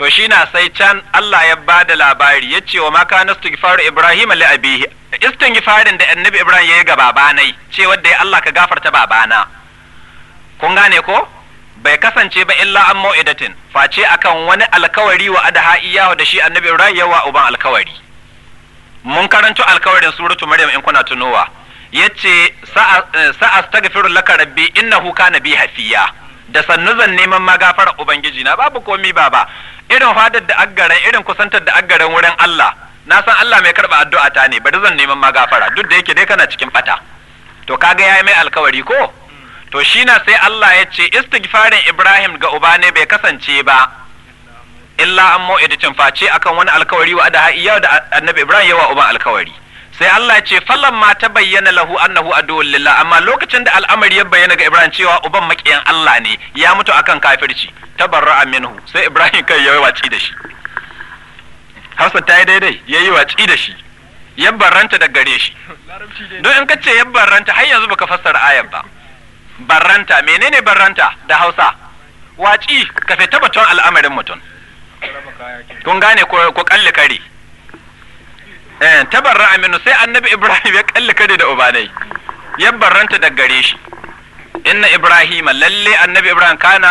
to shi na sai can Allah ya ba da labari ya ce wa maka na istighfar Ibrahim li abihi istighfarin da annabi Ibrahim ya yi ga babanai ce wadda ya Allah ka gafarta babana kun gane ko bai kasance ba illa an mau'idatin face akan wani alkawari wa adaha haiya da shi annabi Ibrahim yawa uban alkawari mun karanto alkawarin suratu maryam in kuna tunowa yace sa'astaghfiru eh, laka rabbi innahu kana bi hafiya da sannu zan neman magafarar ubangiji na babu komi baba irin fadar da irin kusantar da aggaren wurin Allah na san Allah mai karba addu'a ta ne bari zan neman magafara duk da yake dai kana cikin bata to kaga yayi mai alkawari ko to shi na sai Allah ya ce istighfarin Ibrahim ga uba ne bai kasance ba illa an cin face akan wani alkawari wa da yau da annabi Ibrahim yawa uban alkawari sai Allah ya ce falan ma ta bayyana lahu annahu aduwwul lillah amma lokacin da al'amari ya bayyana ga Ibrahim cewa uban makiyan Allah ne ya mutu akan kafirci tabarra'a minhu sai Ibrahim kai yayi waci da shi Hausa ta yi daidai ya yi waci da shi yabbaranta da gare shi don in ka ce yabbaranta har yanzu baka fassara ayar ba barranta menene barranta da hausa waci ka fita batun al'amarin mutum kun gane ko kalli kare eh tabarra aminu sai annabi ibrahim ya kalli kare da ubanai ya barranta da gare shi inna ibrahim lalle annabi ibrahim kana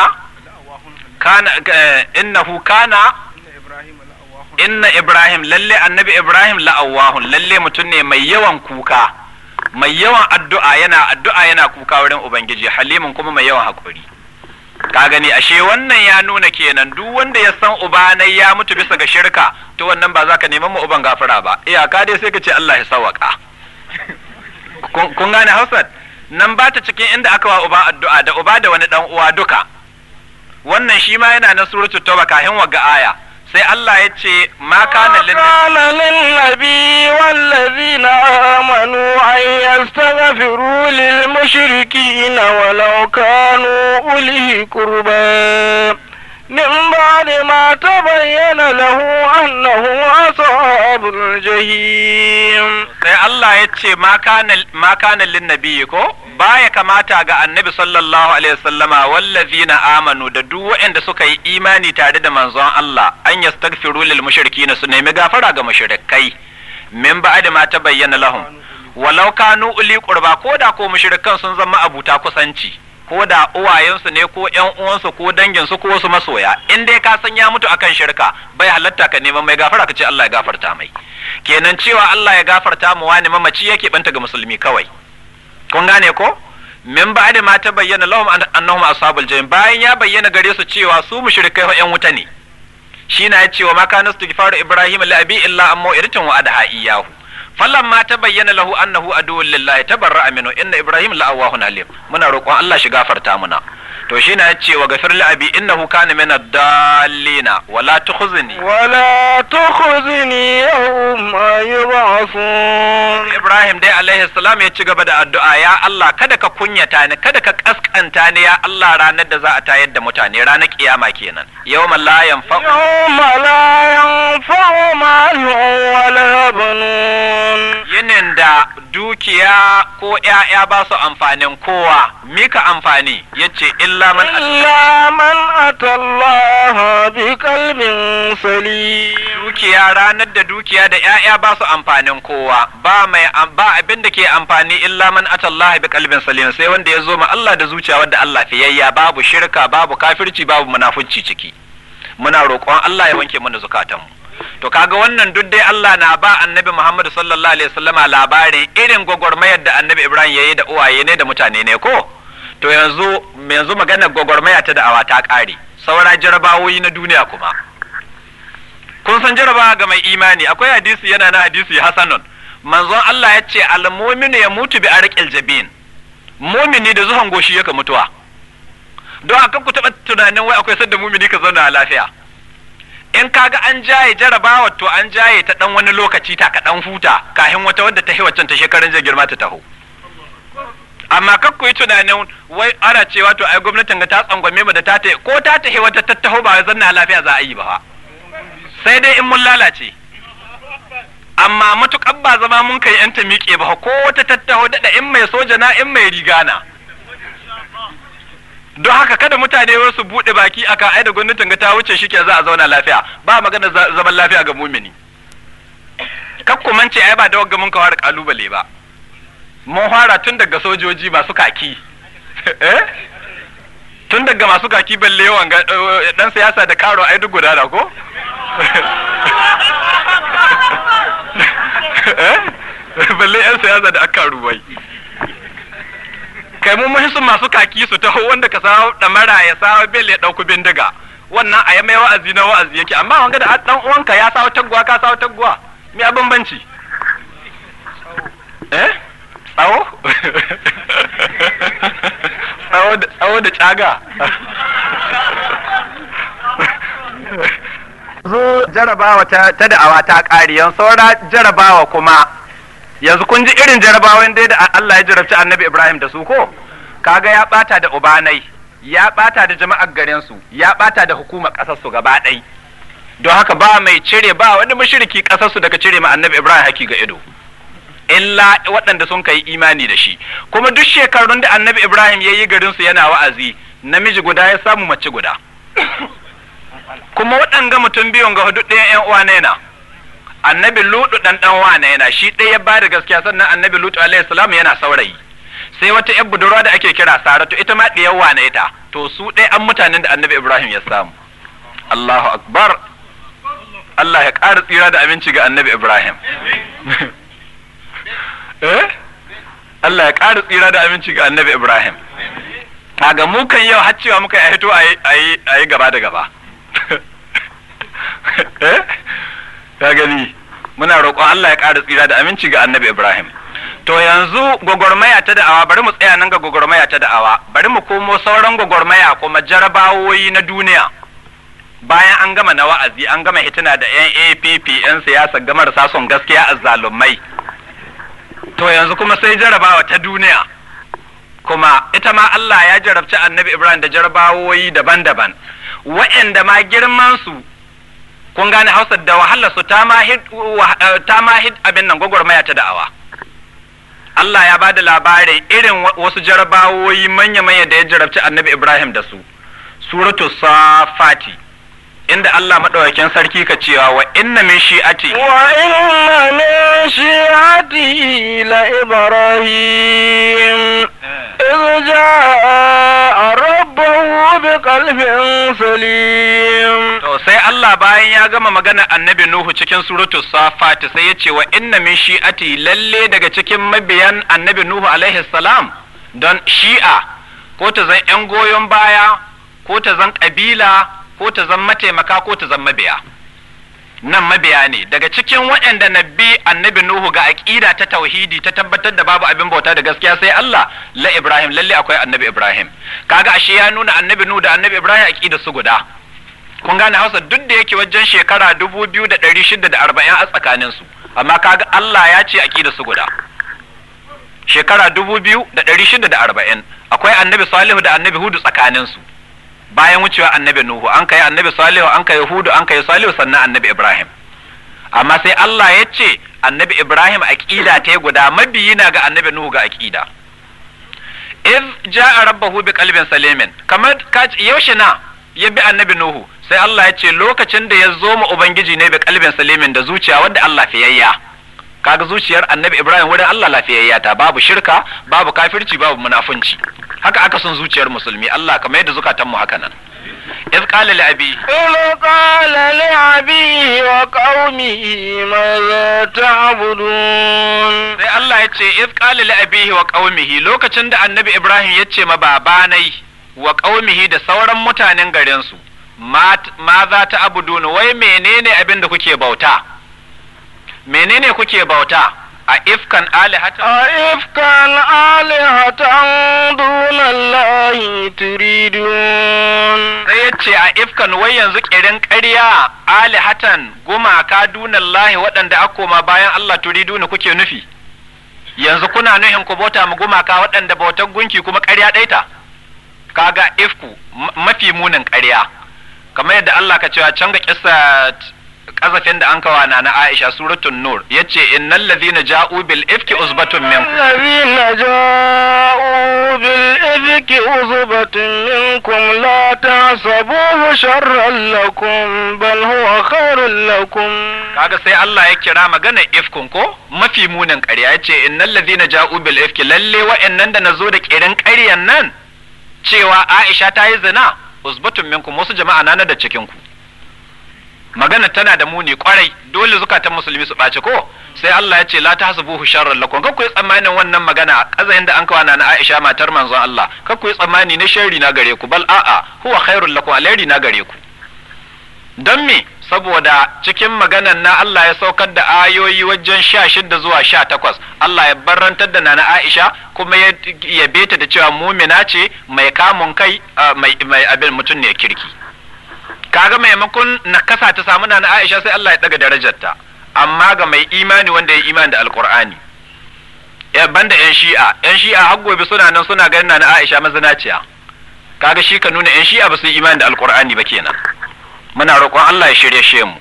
kana eh, innahu kana inna ibrahim lalle annabi ibrahim la'awahun lalle mutum ne mai yawan kuka mai yawan addu'a yana addu'a yana kuka wurin ubangiji halimin kuma mai yawan hakuri ka gani ashe wannan ya nuna kenan duk wanda ya san uba nai ya mutu bisa ga shirka to wannan ba za ka neman mu uban gafara ba iyaka dai sai ka ce Allah ya sawaka kun gane Hausat nan ba ta cikin inda aka wa uba addu'a da uba da wani dan uwa duka wannan shi ma yana na suratul tauba kahin wa ga aya sai Allah ya ce ma kana lin nabi wallazina amanu an yastaghfiru lil mushrikina walau kanu uli qurba من bayyana ما تبين له أنه أصحاب الجحيم sai Allah ya ce ma kana linnabi ko baya kamata ga annabi sallallahu alaihi wasallama wallazina amanu da duk waɗanda suka yi imani tare da manzon Allah an yastaghfiru lil mushrikina su nemi gafara ga mushrikai min ba'da ma tabayyana lahum walau kanu uli qurba ko da ko mushrikan sun zama a buta kusanci ko da uwayensu ne ko ƴan uwansu ko danginsu ko wasu masoya in dai ka san ya mutu akan shirka bai halatta ka neman mai gafara ka ce Allah ya gafarta mai kenan cewa Allah ya gafarta mu wani mamaci yake banta ga musulmi kawai kun gane ko min ba da mata bayyana lahum annahum ashabul jahim bayan ya bayyana gare su cewa su mushrikai fa ƴan wuta ne shi na ya cewa ma kana istighfaru ibrahim li abi illa amma iritun wa adha iyahu falamma ta bayyana lahu annahu aduwwul lillahi tabarra'a Aminu. inna ibrahim la'awahun halim muna roƙon Allah shi gafarta muna to shi na ce wa gafir la'abi innahu kana min ad-dallina wala tukhzini wala tukhzini yawma yub'athun Ibrahim dai alaihi salam ya ci gaba da addu'a ya Allah kada ka kunyata ni kada ka kaskanta ni ya Allah ranar da za a tayar da mutane ranar kiyama kenan yawma la yanfa'u yawma la yanfa'u malun wala banun yunfa'un yinin da dukiya ko ‘ya'ya ba su amfanin kowa, mika amfani ya ce, Illa man atallaha bi kalbin sali. Dukiya ranar da dukiya da ‘ya'ya ba su amfanin kowa, ba mai ba abin da ke amfani illa man atallaha bi kalbin salim sai wanda ya zo ma Allah da zuciya wadda Allah fiyayya babu shirka babu kafirci babu munafunci ciki. Muna roƙon Allah ya wanke mana zukatanmu. to kaga wannan duk dai Allah na ba annabi Muhammad sallallahu alaihi wasallama labarin irin gwagwarmayar da annabi Ibrahim yayi da uwaye ne da mutane ne ko to yanzu yanzu maganar gwagwarmaya ta da'awa ta kare saura jarabawoyi na duniya kuma kun san jarabawa ga mai imani akwai hadisi yana na hadisi hasanun manzon Allah ya ce almominu ya mutu bi arqil jabin mumini da zuhan goshi yake mutuwa don haka ku taɓa tunanin wai akwai sadda mumini ka zauna lafiya in ka ga an jaye jarabawar to an jaye ta dan wani lokaci ta ka dan huta kahin wata wadda ta can ta shekarun zai girma ta taho amma kan ku yi tunanin wai ana cewa to ai gwamnatin ga ta tsangwame mu da ta ta ko ta ta hewa ta taho ba na lafiya za a yi ba sai dai in mun lalace amma matuƙar ba zama mun kai 'yanta miƙe ba ko wata tattaho da in mai soja na in mai rigana don haka kada mutane wasu buɗe baki aka ai da gwamnatin ga ta wuce ke za a zauna lafiya ba magana zaman lafiya ga mumini kakku ce ai ba da wagga mun kawar kalubale ba mun fara tun daga sojoji masu kaki eh? tun daga masu kaki balle wanga dan eh, siyasa da karo ai duk gudana ko eh? balle yan siyasa da aka rubai kai mun su masu kaki su taho wanda ka sawo damara ya sawo bel ya dauku bindiga wannan a mai wa'azi na wa'azi yake amma wanga da dan uwanka ya sawo taguwa ka sawo taguwa me a bambanci eh tsawo tsawo da caga zo jarabawa ta da'awa ta kariyan saura jarabawa kuma yanzu kun ji irin jarabawan dai da Allah ya jarabci annabi Ibrahim da su ko kaga ya bata da ubanai ya bata da jama'ar garinsu ya bata da hukumar kasar su gaba ɗai don haka ba mai cire ba wani mushriki kasar daga cire ma annabi Ibrahim haki ga ido illa waɗanda sun kai imani da shi kuma duk shekarun da annabi Ibrahim ya yi garinsu yana wa'azi namiji guda ya samu mace guda kuma waɗanga mutum biyun ga hudu ɗayan 'yan uwa na yana annabi lutu dan dan wane yana shi ɗaya ya bada gaskiya sannan annabi lutu alaihi salam yana saurayi sai wata yar budurwa da ake kira saratu ita ma ɗiyar wane ita to su ɗaya an mutanen da annabi ibrahim ya samu allahu akbar allah ya ƙara tsira da aminci ga annabi ibrahim eh allah ya ƙara tsira da aminci ga annabi ibrahim kaga mu kan yau har cewa muka yi hito a yi gaba da gaba eh? ka gani muna roƙon Allah ya ƙara tsira da aminci ga annabi Ibrahim to yanzu gwagwarmaya ta da'awa bari mu tsaya nan ga gwagwarmaya ta da'awa bari mu komo sauran gwagwarmaya kuma jarabawoyi na duniya bayan an gama na wa'azi an gama hituna da yan APP yan siyasa ga marasa son gaskiya azzalumai to yanzu kuma sai jarabawa ta duniya kuma ita ma Allah ya jarabci annabi Ibrahim da jarabawoyi daban-daban wa'inda ma girman su kun gane hausar da wahalar su ta mahid eh, abin nan gwagwarmaya ta da'awa Allah ya ba da labarin irin wasu jarabawoyi manya-manya da ya jarabci annabi Ibrahim da su suratu safati inda Allah maɗaukakin sarki ka cewa wa inna min shi'ati wa inna min shi'ati la ibrahim idh eh. ja'a bi qalbin salim to sai Allah bayan ya gama magana annabi Nuhu cikin suratul safat sai ya ce wa inna min shi'ati lalle daga cikin mabiyan annabi Nuhu alaihi salam don shi'a ko ta zan yan goyon baya ko ta zan kabila ko ta zama taimaka ko ta zama biya nan mabiya ne daga cikin waɗanda na bi annabi Nuhu ga aƙida ta tauhidi ta tabbatar da babu abin bauta da gaskiya sai Allah la Ibrahim lalle akwai annabi Ibrahim kaga ashe ya nuna annabi Nuhu da annabi Ibrahim aƙida su guda kun gane Hausa duk da yake wajen shekara dubu biyu da ɗari shida da arba'in a tsakanin su amma kaga Allah ya ce aƙida su guda shekara dubu biyu da ɗari shida da arba'in akwai annabi Salihu da annabi Hudu tsakanin su bayan wucewa annabi nuhu an kai annabi salihu an kai hudu an kai salihu sannan annabi ibrahim amma sai Allah ya ce annabi ibrahim aqida ta yi guda mabiyi na ga annabi nuhu ga aqida iz ja'a rabbahu bi qalbin salimin kamar yaushe na ya bi annabi nuhu sai Allah ya ce lokacin da ya zo ma ubangiji ne bi qalbin salimin da zuciya wadda Allah fiyayya kaga zuciyar annabi ibrahim wurin allah lafiyayya ta babu shirka babu kafirci babu munafunci haka aka son zuciyar musulmi allah kamar yadda zukatan mu haka nan إذ قال لأبيه إذ قال لأبيه وقومه ماذا تعبدون sai Allah ya ce إذ قال لأبيه وقومه lokacin da annabi Ibrahim ya ce ma babanai wa qaumihi da sauran mutanen garinsu maza ta abudun wai menene abin da kuke bauta menene kuke bauta a ifkan alihatan a ifkan alihatan dunallahi turidun sai ya ce a ifkan wai yanzu kirin ƙarya alihatan gumaka dunallahi waɗanda aka koma bayan Allah turidun kuke nufi yanzu kuna nuhin ku bauta mu gumaka waɗanda bautan gunki kuma ƙarya ɗaita kaga ifku mafi munin ƙarya kamar yadda Allah ka cewa can ga kissa kazafin da an kawa na na Aisha suratun Nur yace innal ladhina ja'u bil ifki uzbatun minkum ladhina ja'u bil ifki uzbatun minkum la tahsabuhu sharran lakum bal huwa khairun lakum kaga sai Allah ya kira magana ifkun ko mafi munin ƙarya yace innal ladhina ja'u bil ifki lalle wa'annan da nazo da kirin ƙaryan nan cewa Aisha ta yi zina uzbatun minkum wasu jama'a na da cikin ku magana tana da muni kwarai dole zukatan musulmi su ɓace ko sai Allah ya ce la tahsubuhu sharran lakum kar yi tsammanin wannan magana kazayin da an kawo na Aisha matar manzon Allah kar yi tsammani na sharri na gare ku bal a'a huwa khairul lakum alairi na gare ku don me saboda cikin maganan na Allah ya saukar da ayoyi wajen sha shida zuwa sha takwas Allah ya barrantar da nana Aisha kuma ya beta da cewa mumina ce mai kamun kai mai abin mutum ne kirki kaga maimakon na nakasa ta samu na Aisha sai Allah ya daga darajarta amma ga mai imani wanda ya imani da Alkur'ani ya banda yan shi'a yan shi'a har gobe suna nan suna ganin na Aisha mazinaciya kaga shi ka nuna yan shi'a ba su imani da Alkur'ani ba kenan muna roƙon Allah ya shirye mu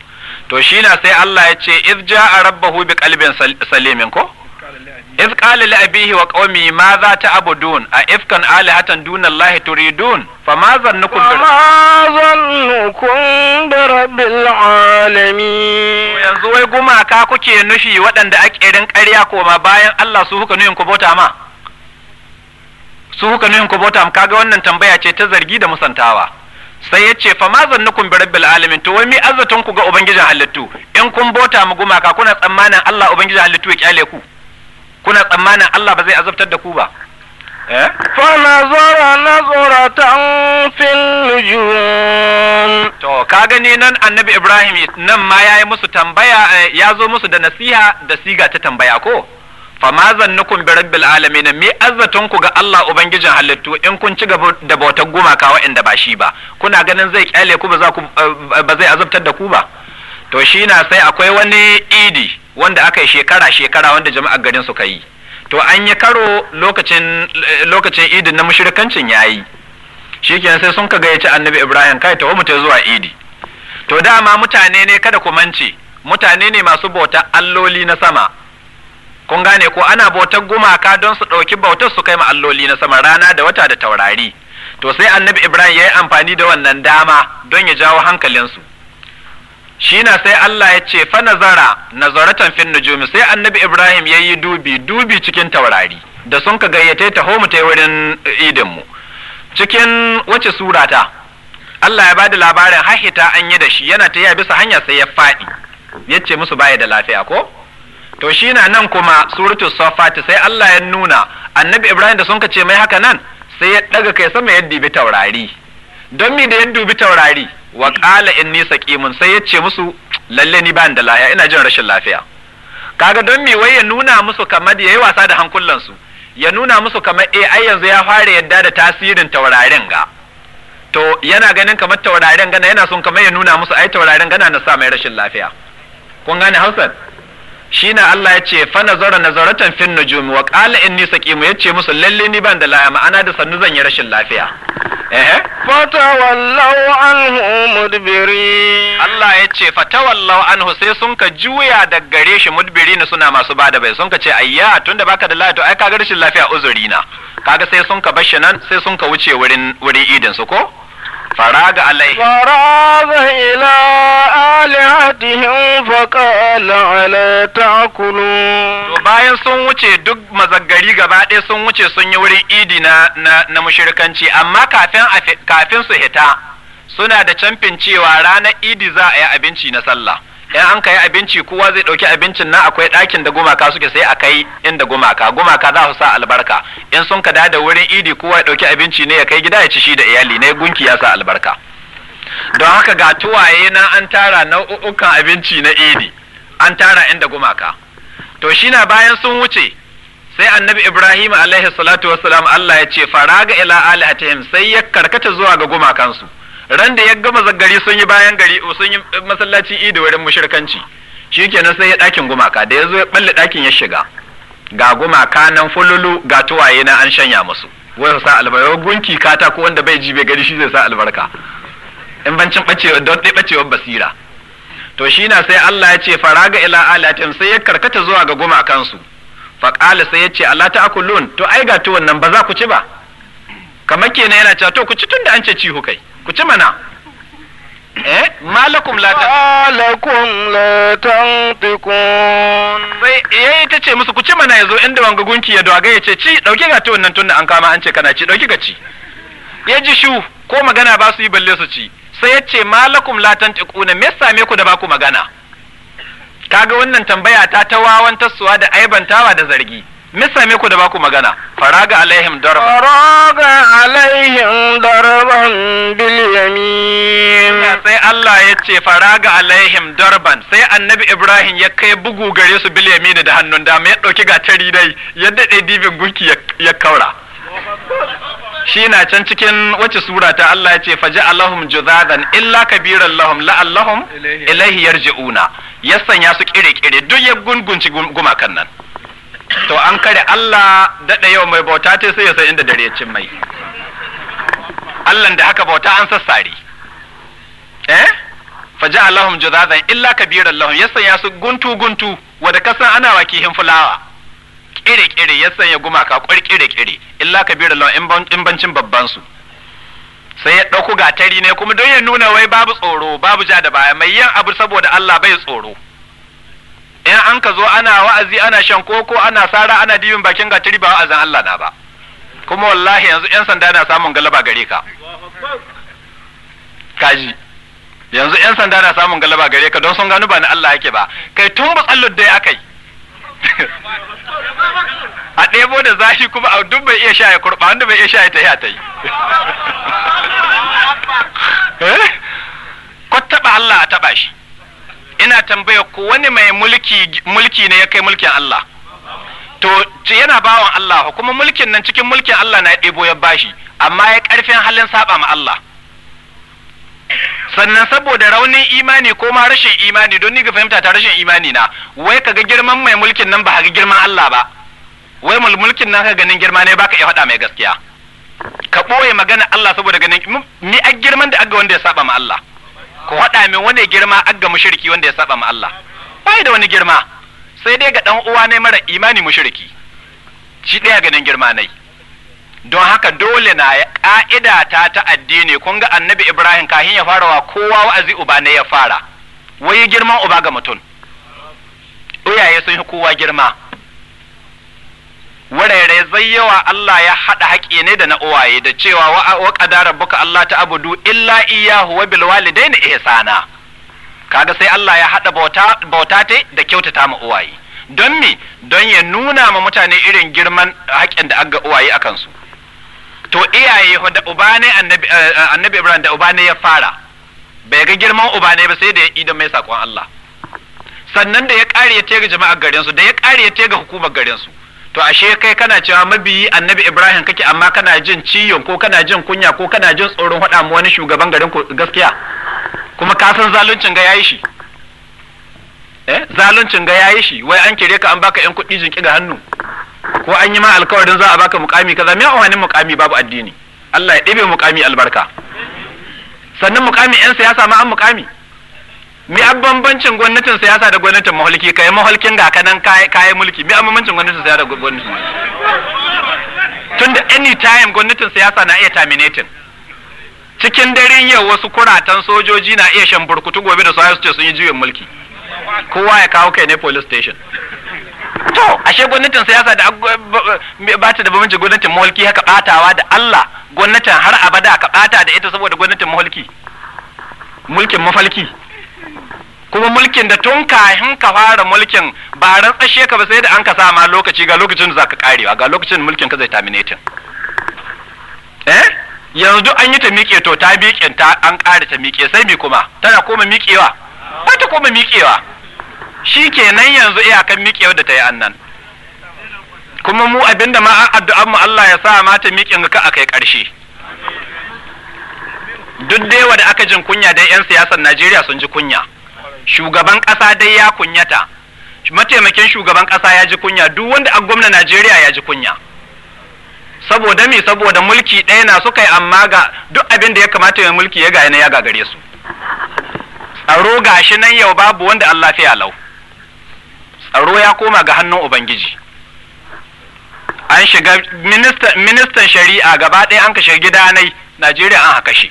to shi na sai Allah ya ce a rabba rabbahu biqalbin salimin ko iz qala li abihi wa qaumi ma za ta'budun a ifkan alihatan duna Allah turidun fa ma zannukum bi ma zannukum rabbil alamin yanzu wai gumaka kuke nufi waɗanda a ƙirin ƙarya koma bayan Allah su huka nuyin kubota ma su huka nuyin kubota bota kaga wannan tambaya ce ta zargi da musantawa sai yace ce fa ma zannukum bi rabbil alamin to wai mi azzaton ku ga ubangijin halittu in kun bota mu gumaka kuna tsammanin Allah ubangijin halittu ya kyale ku kuna tsammanin Allah ba zai azabtar da ku ba فنظر نظرة في النجوم to ka gani nan annabi Ibrahim nan ma yayi musu tambaya eh, ya zo musu da nasiha da siga ta tambaya ko fama zannukum bi rabbil alamin me azzatun ku ga Allah ubangijin halittu in kun ci gaba da bautar gumaka waɗanda ba shi ba kuna ganin zai kyale ku eh, ba zai azabtar da ku ba to shi na sai akwai wani idi wanda shekara shekara wanda jama'a garin suka yi to an yi karo lokacin lokacin idin na mushrikancin yayi shikenan sai sun kaga yace annabi ibrahim kai tawo mutai zuwa idi to dama mutane ne kada ku mance mutane ne masu bauta alloli na sama kun gane ko ana bautar gumaka don su ɗauki bautar su kai ma alloli na sama rana da wata da taurari to sai annabi ibrahim ya yi amfani da wannan dama don ya jawo hankalinsu shi na sai Allah ya ce fa nazara nazaratan fin nujumi sai annabi Ibrahim ya yi dubi dubi cikin taurari da sun ka gayyata ta mu ta wurin eh, idin mu cikin wace surata Allah ya ba da labarin hahita an yi da shi yana ta bisa hanya sai ya faɗi ya ce musu baya da lafiya ko to shi na nan kuma suratul safati sai Allah ya nuna annabi Ibrahim da sun ka ce mai haka nan sai ya daga kai sama ya dibi taurari don mi da ya dubi taurari wa in inni mun sai ya ce musu lalle ni bayan da laya ina jin rashin lafiya kaga don mi wai ya nuna musu kamar yi wasa da hankulansu ya nuna musu kamar eh ai yanzu ya fara yadda da tasirin taurarin ga to yana ganin kamar taurarin gana yana son kamar ya nuna musu ai taurarin gana na sa mai rashin lafiya kun gane Hausar shine Allah ya ce fa nazara nazaratan fin jumi wa qala inni mu ya ce musu lalle ni ban da laya ma'ana da sannu zan yi rashin lafiya eh fatawallau anhu mudbiri Allah ya ce fatawallahu anhu sai sun ka juya da gare shi mudbiri na suna masu bada bai sun ka ce ayya tunda baka da laya to ai kaga rashin lafiya uzuri na kaga sai sun ka bashi nan sai sun ka wuce wurin wurin idin su ko فراغ عليه فراغ إلى آلهتهم فقال ألا تأكلون bayan sun wuce duk mazaggari gaba ɗaya sun wuce sun yi wurin idi na na, amma kafin kafin su hita suna da camfin cewa ranar idi za a yi abinci na sallah in an kai abinci kowa zai ɗauki abincin nan akwai ɗakin da gumaka suke sai a kai inda gumaka gumaka za su sa albarka in sun ka da wurin idi kowa ya ɗauki abinci ne ya kai gida ya ci shi da iyali ne gunki ya sa albarka don haka ga tuwaye na an tara nau'ukan abinci na idi an tara inda gumaka to shi na bayan sun wuce sai annabi ibrahim alaihi salatu Wasalam allah ya ce fara ga ila alihatihim sai ya karkata zuwa ga gumakansu ran da ya gama zaggari sun yi bayan gari sun yi masallaci idi wurin mushrikanci shikenan sai ya ɗakin gumaka da ya zo ya balle ɗakin ya shiga ga gumaka nan fululu ga tuwaye na an shanya musu wai sa albarka gunki katako wanda bai ji bai gari shi zai sa albarka in bancin ɓacewa don dai bacewar basira to shi na sai Allah ya ce ga ila alatin sai ya karkata zuwa ga gumakansu faƙala sai ya ce Allah ta akulun to ai ga tuwon nan ba za ku ci ba kamar kenan yana cewa to ku ci tun da an ce ci hukai ku ci mana eh malakum la malakum la sai yayi eh, ce musu ku ci mana yazo inda wanga gunki ya ya ce ci dauki ga ta wannan tunda an kama an ce kana ci dauki ga ci ya ji shu ko magana ba su yi balle su ci sai ya ce malakum la tantiquna me same ku da ba ku magana kaga wannan tambaya ta tawawan tasuwa da aibantawa da zargi me same ku da baku magana faraga alaihim darban faraga alaihim darban bil yamin sai Allah ya ce faraga alaihim darban sai annabi Ibrahim ya kai bugu gare su bil yamin da hannun dama ya dauki tari dai yadda dai divin gunki ya kaura shi na can cikin wace sura ta Allah ya ce faja Allahum juzadan illa kabiran lahum la Allahum ilaihi yarji'una ya sanya su kire kire duk ya gungunci gumakan nan to an kare Allah daɗa yau mai bauta ce sai ya san inda dare ya cin mai Allah da haka bauta an sassare eh faja Allahum juzazan illa kabiran lahum ya sanya su guntu guntu wanda kasan ana wakihin fulawa kire kire ya sanya gumaka kwar kire kire illa kabira lahum in bancin babban su sai ya ɗauko gatari ne kuma don ya nuna wai babu tsoro babu ja da baya mai yin abu saboda Allah bai tsoro in an ka zo ana wa'azi ana shan koko ana sara ana dibin bakin tiri ba wa'azin Allah na ba kuma wallahi yanzu yan sanda na samun galaba gare ka kaji yanzu yan sanda na samun galaba gare ka don sun gano ba na Allah yake ba kai tun ba tsallon dai akai a ɗebo da zashi kuma a duk bai iya sha ya kurɓa wanda bai iya sha ya tahi a yi eh? ko taɓa Allah a taɓa shi ina tambaya ko wani mai mulki mulki ne ya kai mulkin Allah to yana bawon Allah kuma mulkin nan cikin mulkin Allah na ɗebo ya bashi amma ya ƙarfin halin saba ma Allah sannan saboda raunin imani ko ma rashin imani don ni ga fahimta ta rashin imani na wai kaga girman mai mulkin nan ba ga girman Allah ba wai mulkin nan ka ganin girma ne baka iya faɗa mai gaskiya ka ɓoye magana Allah saboda ganin ni a girman da aga wanda ya saba ma Allah ku haɗa min wani girma agga mushriki wanda ya saba ma Allah bai da wani girma sai dai ga dan uwa ne mara imani mushriki shi ɗaya ganin girma nai don haka dole na ƙa'ida ta ta addini kun ga annabi ibrahim kahin ya fara wa kowa wa'azi uba ne ya fara wai girman uba ga mutum iyaye sun yi kowa girma wurare zai yawa Allah ya haɗa haƙi ne da na uwaye da cewa wa qadara buka Allah ta abudu illa iyahu wa bil walidaini ihsana kaga sai Allah ya haɗa bauta bauta ta da kyautata ma uwaye don me don ya nuna ma mutane irin girman haƙin da aga uwaye a kansu to iyaye da uba ne eh, eh, annabi Ibrahim da uba ne ya fara bai ga girman uba ne ba sai da ya idan mai sakon Allah sannan da ya ƙare ya tega jama'ar garin su da ya ƙare ya tega hukumar garin su to ashe kai kana cewa mabiyi annabi ibrahim kake amma kana jin ciyon ko kana jin kunya ko kana jin tsoron haɗa mu wani shugaban garin gaskiya kuma ka san zaluncin ga yayi shi eh zaluncin ga yayi shi wai an kire ka an baka yan kuɗi jinki ga hannu ko an yi ma alkawarin za a baka mukami kaza me ohanin mukami babu addini Allah ya ɗebe mukami albarka sannan mukami yan siyasa ma an mukami mi a bambancin gwamnatin siyasa da gwamnatin maholki kai maholkin ga kanan kayan mulki mi a bambancin gwamnatin siyasa da gwamnatin tunda any time gwamnatin siyasa na iya terminating cikin daren yau wasu kuratan sojoji na iya shan burkutu gobe da su ce sun yi juyin mulki kowa ya kawo kai ne police station to ashe gwamnatin siyasa da ba ta da bambancin gwamnatin mulki haka batawa da Allah gwamnatin har abada ka bata da ita saboda gwamnatin mulki mulkin mafalki kuma mulkin da tun kahin ka fara mulkin ba rantsashe ka ba sai da an ka sa ma lokaci ga lokacin da za ka karewa ga lokacin mulkin ka zai terminating eh yanzu an yi ta miƙe to ta miƙe ta an ƙare ta miƙe sai mi kuma tana koma miƙewa ba ta koma miƙewa shi ke nan yanzu iyakan miƙewa da ta yi annan kuma mu abinda ma an addu'an mu Allah ya sa ma ta miƙin ka kai ƙarshe duk dai wanda aka jin kunya dan yan siyasar Najeriya sun ji kunya shugaban ƙasa dai ya kunyata mataimakin shugaban ƙasa ya ji kunya duk wanda a gwamna Najeriya ya ji kunya saboda me saboda mulki ɗaya na suka yi amma ga duk abin da ya kamata mai mulki ya gaya na ya gagare su tsaro gashi nan yau babu wanda Allah fiya lau tsaro ya koma ga hannun ubangiji an shiga ministan shari'a gaba ɗaya an kashe gidanai Najeriya an haka shi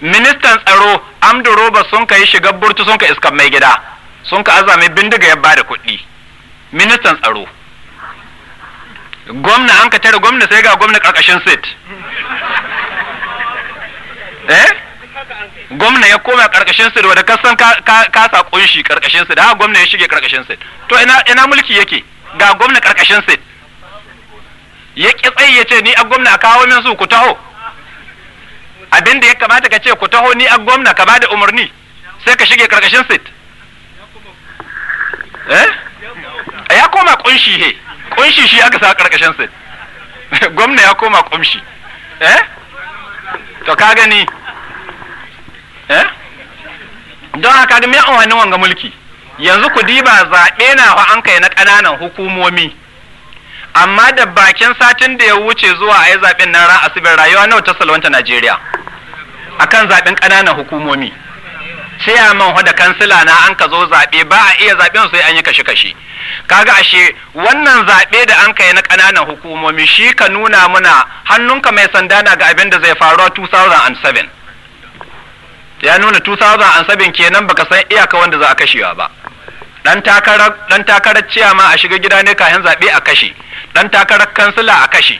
ministan tsaro amdu roba sun ka yi shiga burtu sun ka iska mai gida sun ka azami bindiga ya bada kuɗi ministan tsaro gwamna an ka tare gwamna sai ga gwamna ƙarƙashin sit eh gwamna ya koma ƙarƙashin sit wadda kasan kasa kunshi ƙarƙashin sit haka gwamna ya shige ƙarƙashin sit to ina ina mulki yake ga gwamna ƙarƙashin sit ya ƙi tsaye ya ce ni a gwamna a kawo min su ku taho abin da ya kamata ka ce ku taho ni a gwamna ka bada umarni sai ka shige karkashin sit eh ya koma kunshi he kunshi shi aka sa karkashin sit gwamna ya koma kunshi eh to ka gani eh don haka ga me an wani wanga mulki yanzu ku diba zaɓe na an kai na ƙananan hukumomi amma da bakin satin da ya wuce zuwa a yi zaɓen nan ran asibin rayuwa nawa ta salwanta Najeriya A kan zaɓen ƙananan hukumomi ciyaman da kansila na an ka zo zaɓe ba a iya zaɓen sai an yi kashe-kashe kaga ashe wannan zaɓe da an kai na ƙananan hukumomi shi ka nuna muna hannunka mai sanda na ga abin da zai faru a 2007 ya nuna 2007 kenan baka san iyaka wanda za a kashewa ba dan takarar dan ciyama a shiga gida ne kayan zaɓe a kashe dan takarar kansila a kashe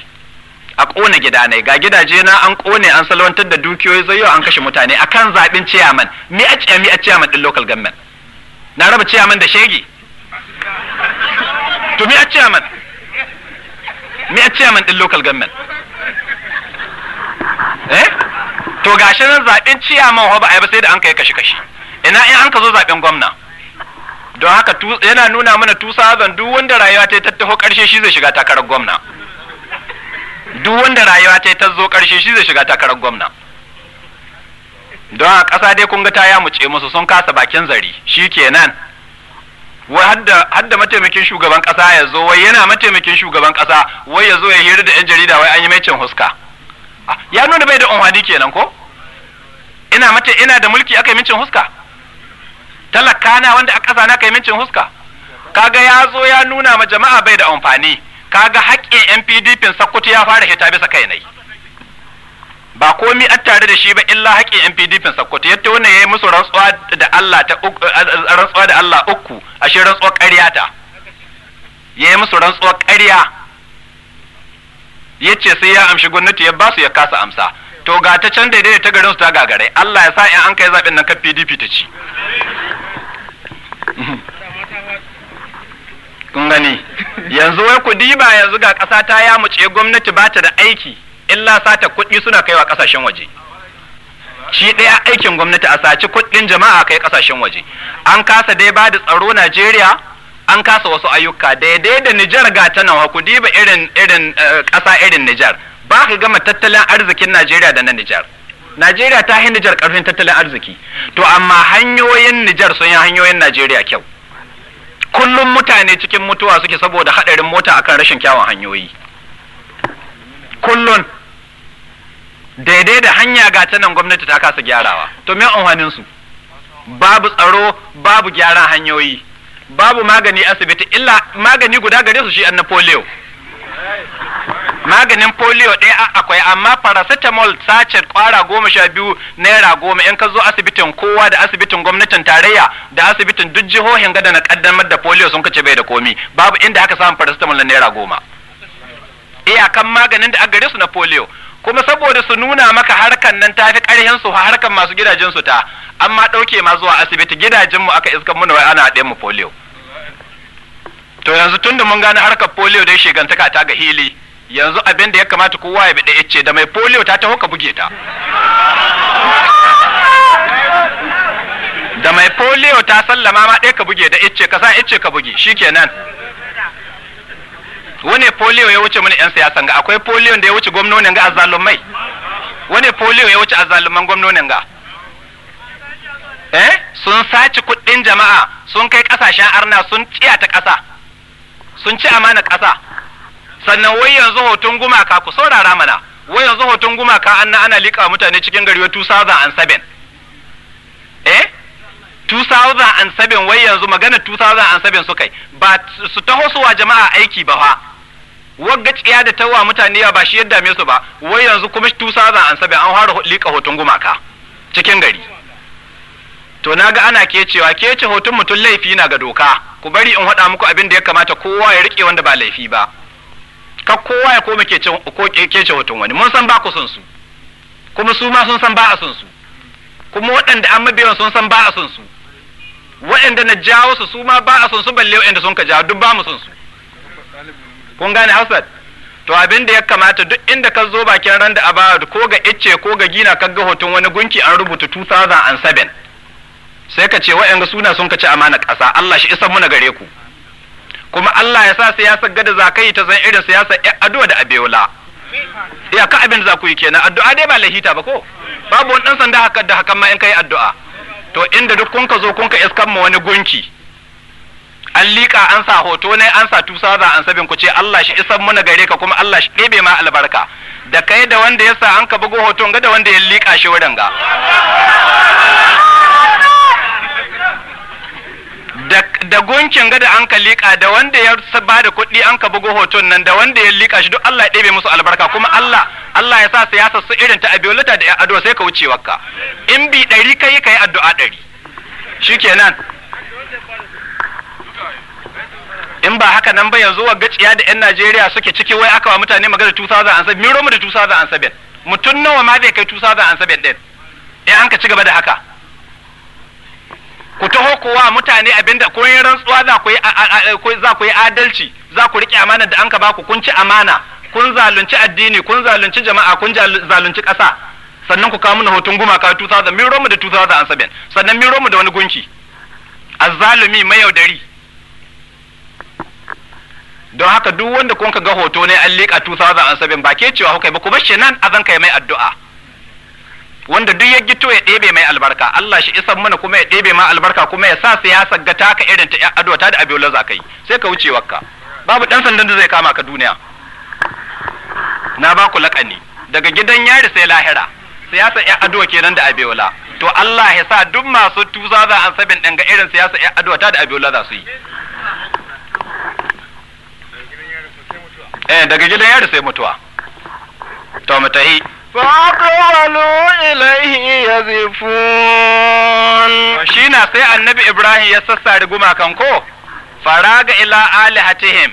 a ƙone gida ne ga gidaje na an ƙone an salwantar da dukiyoyi zai an kashe mutane A kan zaɓin ciyaman mi a mi a ciyaman din local government na raba ciyaman da shege to mi a ciyaman mi a ciyaman din local government eh to gashi nan zaɓen ciyaman ba a yi ba sai da an kai kashi kashi ina in an ka zo zaɓen gwamna don haka yana nuna mana tusa zan duk wanda rayuwa ta ta taho karshe shi zai shiga takarar gwamna duk wanda rayuwa ta ta zo karshe shi zai shiga takarar gwamna don a ƙasa dai kun ga ta ya muce musu sun kasa bakin zari shi kenan wai hadda mataimakin shugaban ƙasa ya zo wai yana mataimakin shugaban ƙasa wai ya zo ya hira da 'yan jarida wai an yi mai cin huska ah, ya nuna bai da unhadi kenan ko ina mace ina da mulki aka yi min cin huska talaka na wanda a ƙasa na kai mincin huska kaga ya zo ya nuna ma jama'a bai da amfani kaga haƙƙin yan pdp sakkwato ya fara hita bisa kai nai ba komi an tare da shi ba illa haƙƙin yan pdp sakkwato yadda ya yi musu rantsuwa da allah ta rantsuwa da allah uku ashe rantsuwar ƙarya ta ya yi musu rantsuwar ƙarya ya ce sai ya amshi gwamnati ya ba su ya kasa amsa to ga ta can daidai ta garin su ta gagare Allah ya sa in an kai zaɓen nan ka PDP ta ci kun gani yanzu wai ku diba yanzu ga ƙasa ta ya muce gwamnati ba ta da aiki illa sata kuɗi suna kaiwa ƙasashen waje shi ɗaya aikin gwamnati a saci kuɗin jama'a kai ƙasashen waje an kasa dai ba da tsaro Najeriya an kasa wasu ayyuka daidai da Nijar ga ta nawa ku diba irin irin eh, ƙasa irin Nijar ba ka gama tattalin arzikin Najeriya da na Nijar. Najeriya ta yi Nijar ƙarfin tattalin arziki, to amma hanyoyin Nijar sun yi hanyoyin Najeriya kyau. Kullum mutane cikin mutuwa suke saboda haɗarin mota akan rashin kyawun hanyoyi. Kullum daidai da hanya ga ta nan gwamnati ta kasa gyarawa, to me su Babu tsaro, babu gyaran hanyoyi, babu magani asibiti, illa magani guda gare su shi an na polio. maganin polio ɗaya akwai amma paracetamol sace kwara goma sha biyu naira goma in ka zo asibitin kowa da asibitin gwamnatin tarayya da asibitin duk jihohin gada na kaddamar da polio sun kace bai da komi babu inda aka samu paracetamol na naira goma iyakan maganin da a gare su na polio kuma saboda su nuna maka harkan nan ta fi ƙarhin su harkan masu gidajen su ta amma ɗauke ma zuwa asibiti gidajen mu aka iskan muna wai ana haɗe mu polio to yanzu tunda mun gane harkar polio dai shigantaka ta ga hili yanzu abin da ya kamata kowa ya bada ce da mai polio ta taho ka buge ta da mai polio ta sallama ma ɗaya ka buge da ice ka sa ice ka buge nan. wane polio ya wuce mini 'yan siyasan ga akwai polio da ya wuce gwamnonin ga azalumai? wane polio ya wuce azzaluman gwamnonin ga eh sun saci kuɗin jama'a sun kai ƙasashen arna sun ciya ƙasa sun ci amana ƙasa sannan wai yanzu hoton gumaka ku saurara mana wai yanzu hoton gumaka an ana liƙa mutane cikin gari 2007 eh 2007 wai yanzu magana 2007 suka yi ba su taho su wa jama'a aiki ba fa wagga tsiya da tawa mutane ya ba shi yadda me su ba wai yanzu kuma 2007 an fara liƙa hoton gumaka cikin gari to na ga ana kecewa kece hoton mutum laifi na ga doka ku bari in haɗa muku abin da ya kamata kowa ya riƙe wanda ba laifi ba ka kowa ya koma kece hoton wani mun san ba ku son su kuma su ma sun san ba a son su kuma waɗanda an mabiyan sun san ba a son su waɗanda na jawo su su ma ba a son su balle waɗanda sun ka jawo duk ba mu son su kun gane hasad to abin da ya kamata duk inda ka zo bakin ran da abawad ko ga icce ko ga gina ka ga hoton wani gunki an rubuta 2007 sai ka ce waɗanda suna sun ka ci amana ƙasa Allah shi isa muna gare ku kuma Allah ya sa siyasar gada za ka yi ta zan irin siyasar addu'a da abeola ya ka abin za ku yi kenan addu'a dai ba lahita ba ko babu wani dan sanda haka da hakan ma in kai addu'a to inda duk kun ka zo kun ka iskan ma wani gunki an liƙa an sa hoto ne an sa tusa za an sabin ku ce Allah shi isan muna gare ka kuma Allah shi ɗebe ma albarka da kai da wanda ya sa an ka bugo hoton ga da wanda ya liƙa shi wurin ga da gunkin gada an ka liƙa da wanda ya ba da kuɗi an ka bugo hoton nan da wanda ya liƙa shi duk Allah ya ɗebe musu albarka kuma Allah Allah ya sa siyasa su irin ta abiyolata da ado sai ka wuce wakka in bi ɗari kai kai addu'a ɗari shikenan in ba haka nan ba yanzu wa gaciya da 'yan Najeriya suke ciki wai aka wa mutane magana 2007 miro mu da 2007 mutum nawa ma zai kai 2007 din eh an ka ci gaba da haka ku taho kowa mutane abinda ko yin rantsuwa za ku yi za ku yi adalci za ku rike amana da an ka baku kun ci amana kun zalunci addini kun zalunci jama'a kun zalunci ƙasa sannan ku kawo mana hoton gumaka 2000 min romu da 2007 sannan min romu da wani gunki azzalumi mayaudari don haka duk wanda kun ka ga hoto ne an liƙa 2007 ba ke cewa hukai ba ku bar shi nan azan kai mai addu'a wanda duk ya gito ya ɗebe mai albarka Allah shi isan mana kuma ya ɗebe ma albarka kuma ya sa siyasa ga taka irin ta ƴan ta da abiyola za ka yi sai ka wuce wakka babu ɗan sandan da zai kama ka duniya na ba ku laƙani daga gidan yari sai lahira siyasa ƴan ke kenan da abiyola to Allah ya sa duk masu tuza za an sabin ɗan ga irin siyasa ya adwa ta da abiyola za su yi eh daga gidan yari sai mutuwa to mu فأقبلوا إليه يزفون شينا سي النبي إبراهيم يسسى رقما كنكو فراغ إلى آلهتهم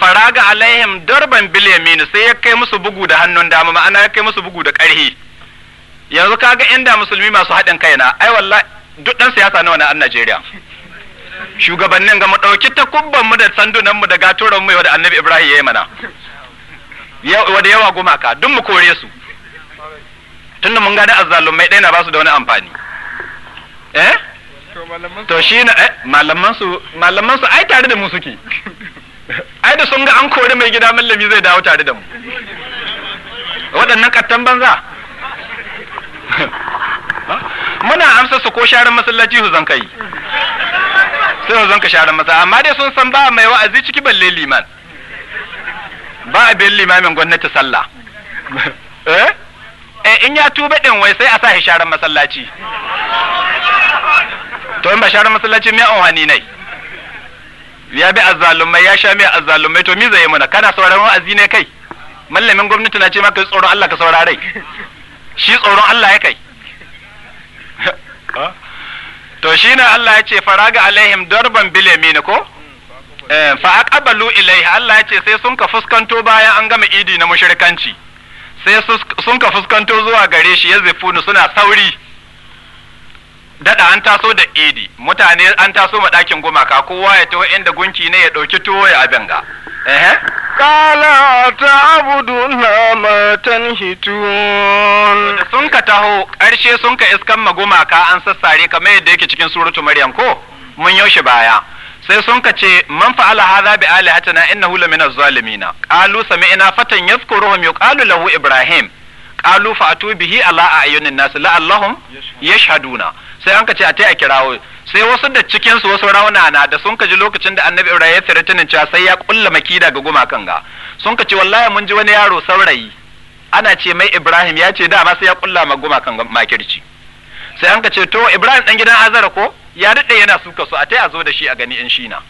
faraga alaihim darban bilyaminu sai ya kai musu bugu da hannun dama ma'ana ya kai musu bugu da ƙarhi yanzu kaga inda musulmi masu haɗin kai na ai wallahi duk ɗan siyasa nawa na an Najeriya shugabannin ga mu ɗauki takubban mu da sandunan mu da gaturan mu da annabi Ibrahim ya yi mana wadda yawa gumaka duk mu kore su da mun gane azzalumai ɗaya na ba su da wani amfani eh to shi na eh malaman su malaman su ai tare da mu suke ai da sun ga an kore mai gida mallami zai dawo tare da mu waɗannan kattan banza muna amsa su ko sharan masallaci su zan kai sai su zan ka sharan masa amma dai sun san ba mai wa'azi ciki balle liman ba a biyan limamin gwamnati sallah eh? eh in ya tuba din wai sai a sa shi sharan masallaci to in ba sharan masallaci me an hani nai ya bi azzalumai ya sha mai azzalumai to mi zai yi muna kana sauraron wa'azi ne kai mallamin gwamnati na ce maka tsoron Allah ka saurare shi tsoron Allah ya kai to shi na Allah ya ce faraga alaihim darban bilamina ko Eh, fa aqbalu ilaiha Allah ya ce sai sun ka fuskanto bayan an gama idi na mushrikanci sai sun ka fuskanto zuwa gare shi yazifunu suna sauri dada an taso da idi mutane an taso ma ɗakin gumaka kowa ya taho inda gunki ne ya ɗauki tuwo ya abin ga Kala ta abudu na matan hitun. Sun ka taho, ƙarshe sun ka iskan ma gumaka an sassare kamar yadda yake cikin surutu Maryam ko? Mun yaushe baya. sai sun ka ce man fa'ala hadha bi alihatina innahu la min zalimina qalu sami'na fatan yadhkuruhum yuqalu lahu ibrahim qalu fa'atu bihi ala ayunin nas la'allahum yashhaduna sai an ka ce a tai a kirawo sai wasu da cikin su wasu rauna na da sun ka ji lokacin da annabi ibrahim ya tsira cewa sai ya kulla makida ga gumakan ga sun ka ce wallahi mun ji wani yaro saurayi ana ce mai ibrahim ya ce dama sai ya kulla ma gumakan makirci sai an ka ce to ibrahim dan gidan azara ko ya daɗe yana suka su a ta a zo da shi a gani in shina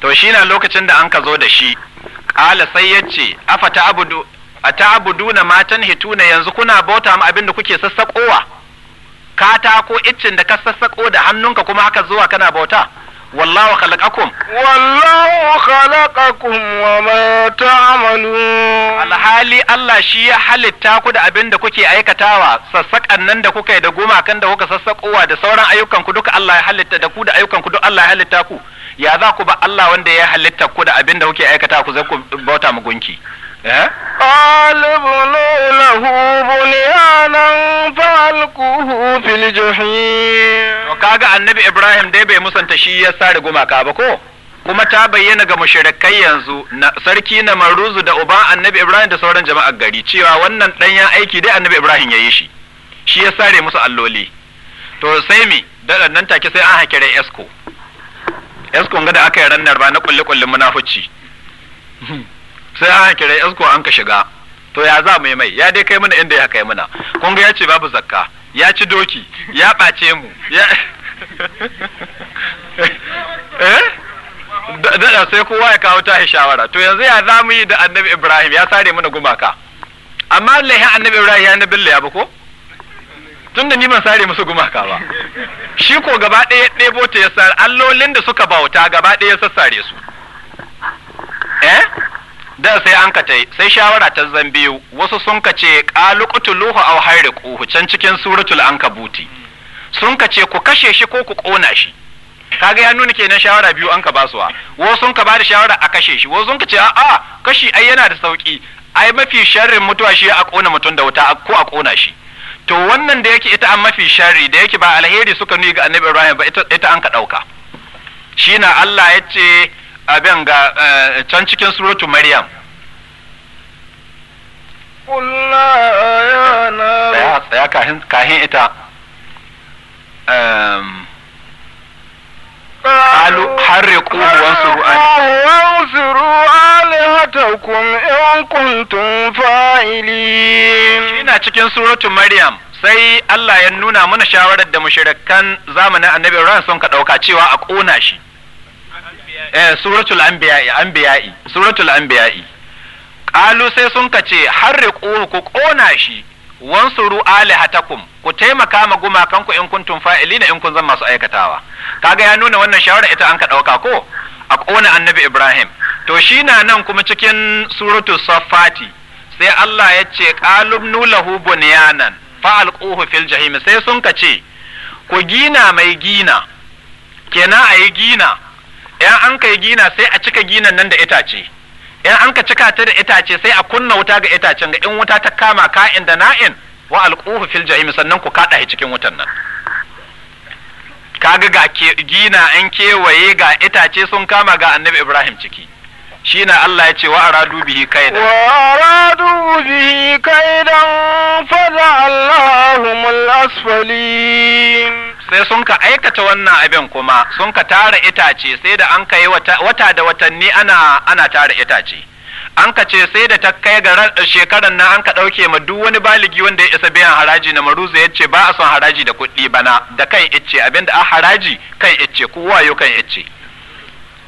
to shina lokacin da an ka zo da shi ƙala sai ya ce afa ta abudu a ta na matan hituna yanzu kuna bauta ma abin da kuke sassaƙowa ko iccin da ka sassaƙo da hannunka kuma haka zuwa kana bauta والله خلقكم والله خلقكم وما تعملون alhali Allah shi ya halitta ku da abin da kuke aikatawa sassaƙan nan da kuka yi da gumakan da kuka sassaƙowa da sauran ayyukan ku duka Allah ya halitta da ku da ayyukan ku duk Allah ya halitta ku ya za ku ba Allah wanda ya halitta ku da abin da kuke aikata ku zai ku bauta قال eh? بنوا kaga annabi Ibrahim dai bai musanta shi ya sare gumaka ba ko kuma ta bayyana ga mushrikai yanzu na sarki na maruzu da uban annabi Ibrahim da sauran jama'ar gari cewa wannan ya aiki dai annabi Ibrahim ya yi shi shi ya sare musu alloli to sai mi da nan take sai an hakire esko esko ga da aka yi rannar ba na kulle-kullen munafuci sai an kira ko an ka shiga to ya za mu yi mai ya dai kai mana inda ya kai mana kun ga ya ce babu zakka ya ci doki ya ɓace mu ya eh da sai kowa ya kawo ta shawara to yanzu ya za mu yi da annabi ibrahim ya sare mana gumaka amma laihin annabi ibrahim ya nabi ya ba ko tun da ni ban sare musu gumaka ba shi ko gaba ɗaya ɗebo ta ya sare allolin da suka bauta gaba ɗaya ya sassare su eh da sai an katai sai shawara ta zan biyu wasu sun kace luhu aw hayriquhu can cikin suratul ankabuti sun kace ku kashe shi ko ku kona shi kaga ya nuna kenan shawara biyu an ka basuwa wasu sun ka ba da shawara a kashe shi wasu sun ka ce a'a kashi ai yana da sauki ai mafi sharrin mutuwa shi a kona mutum da wuta ko a kona shi to wannan da yake ita an mafi sharri da yake ba alheri suka nuni ga annabi Ibrahim ba ita an ka dauka shi na Allah ya ce abin ga eh, can cikin suratu maryam tsaya kahin ita قالوا حرقوا وانصروا وانصروا آلهتكم إن كنتم فاعلين ina cikin suratu maryam sai Allah ya nuna mana shawarar da mushrikan zamanin annabi ran sun ka ɗauka cewa a kona shi eh suratul anbiya'i anbiya'i suratul anbiya'i qalu sai sun kace harriqu ku kona shi wansuru alihatakum ku taimaka ma gumakan ku in kuntum fa'ilina in kun zan masu aikatawa kaga ya nuna wannan shawara ita an ka dauka ko a kona annabi Ibrahim to shi na nan kuma cikin suratul safati sai Allah ya ce qalubnu lahu bunyanan fa alquhu fil jahim sai sun kace ku gina mai gina kenan ayi gina yan an kai gina sai a cika ginan nan da itace yan an ka cika ta da itace sai a kunna wuta ga itacen ga in wuta ta kama ka'in da na'in wa alquhu fil jahim sannan ku kada shi cikin wutan nan kaga ga gina an kewaye ga itace sun kama ga annabi Ibrahim ciki shine Allah ya ce wa aradu bihi kaidan wa aradu bihi kaidan fa ja'alnahum asfalin sai sun ka aikata wannan abin kuma sun ka tara itace sai da an ka yi wata da watanni ana ana tara itace an ka ce sai da ta kai ga shekaran nan an ka ɗauke ma duk wani baligi wanda ya isa biyan haraji na maruza ya ce ba a son haraji da kuɗi bana da kan icce abinda a haraji kan icce kowa yau kan icce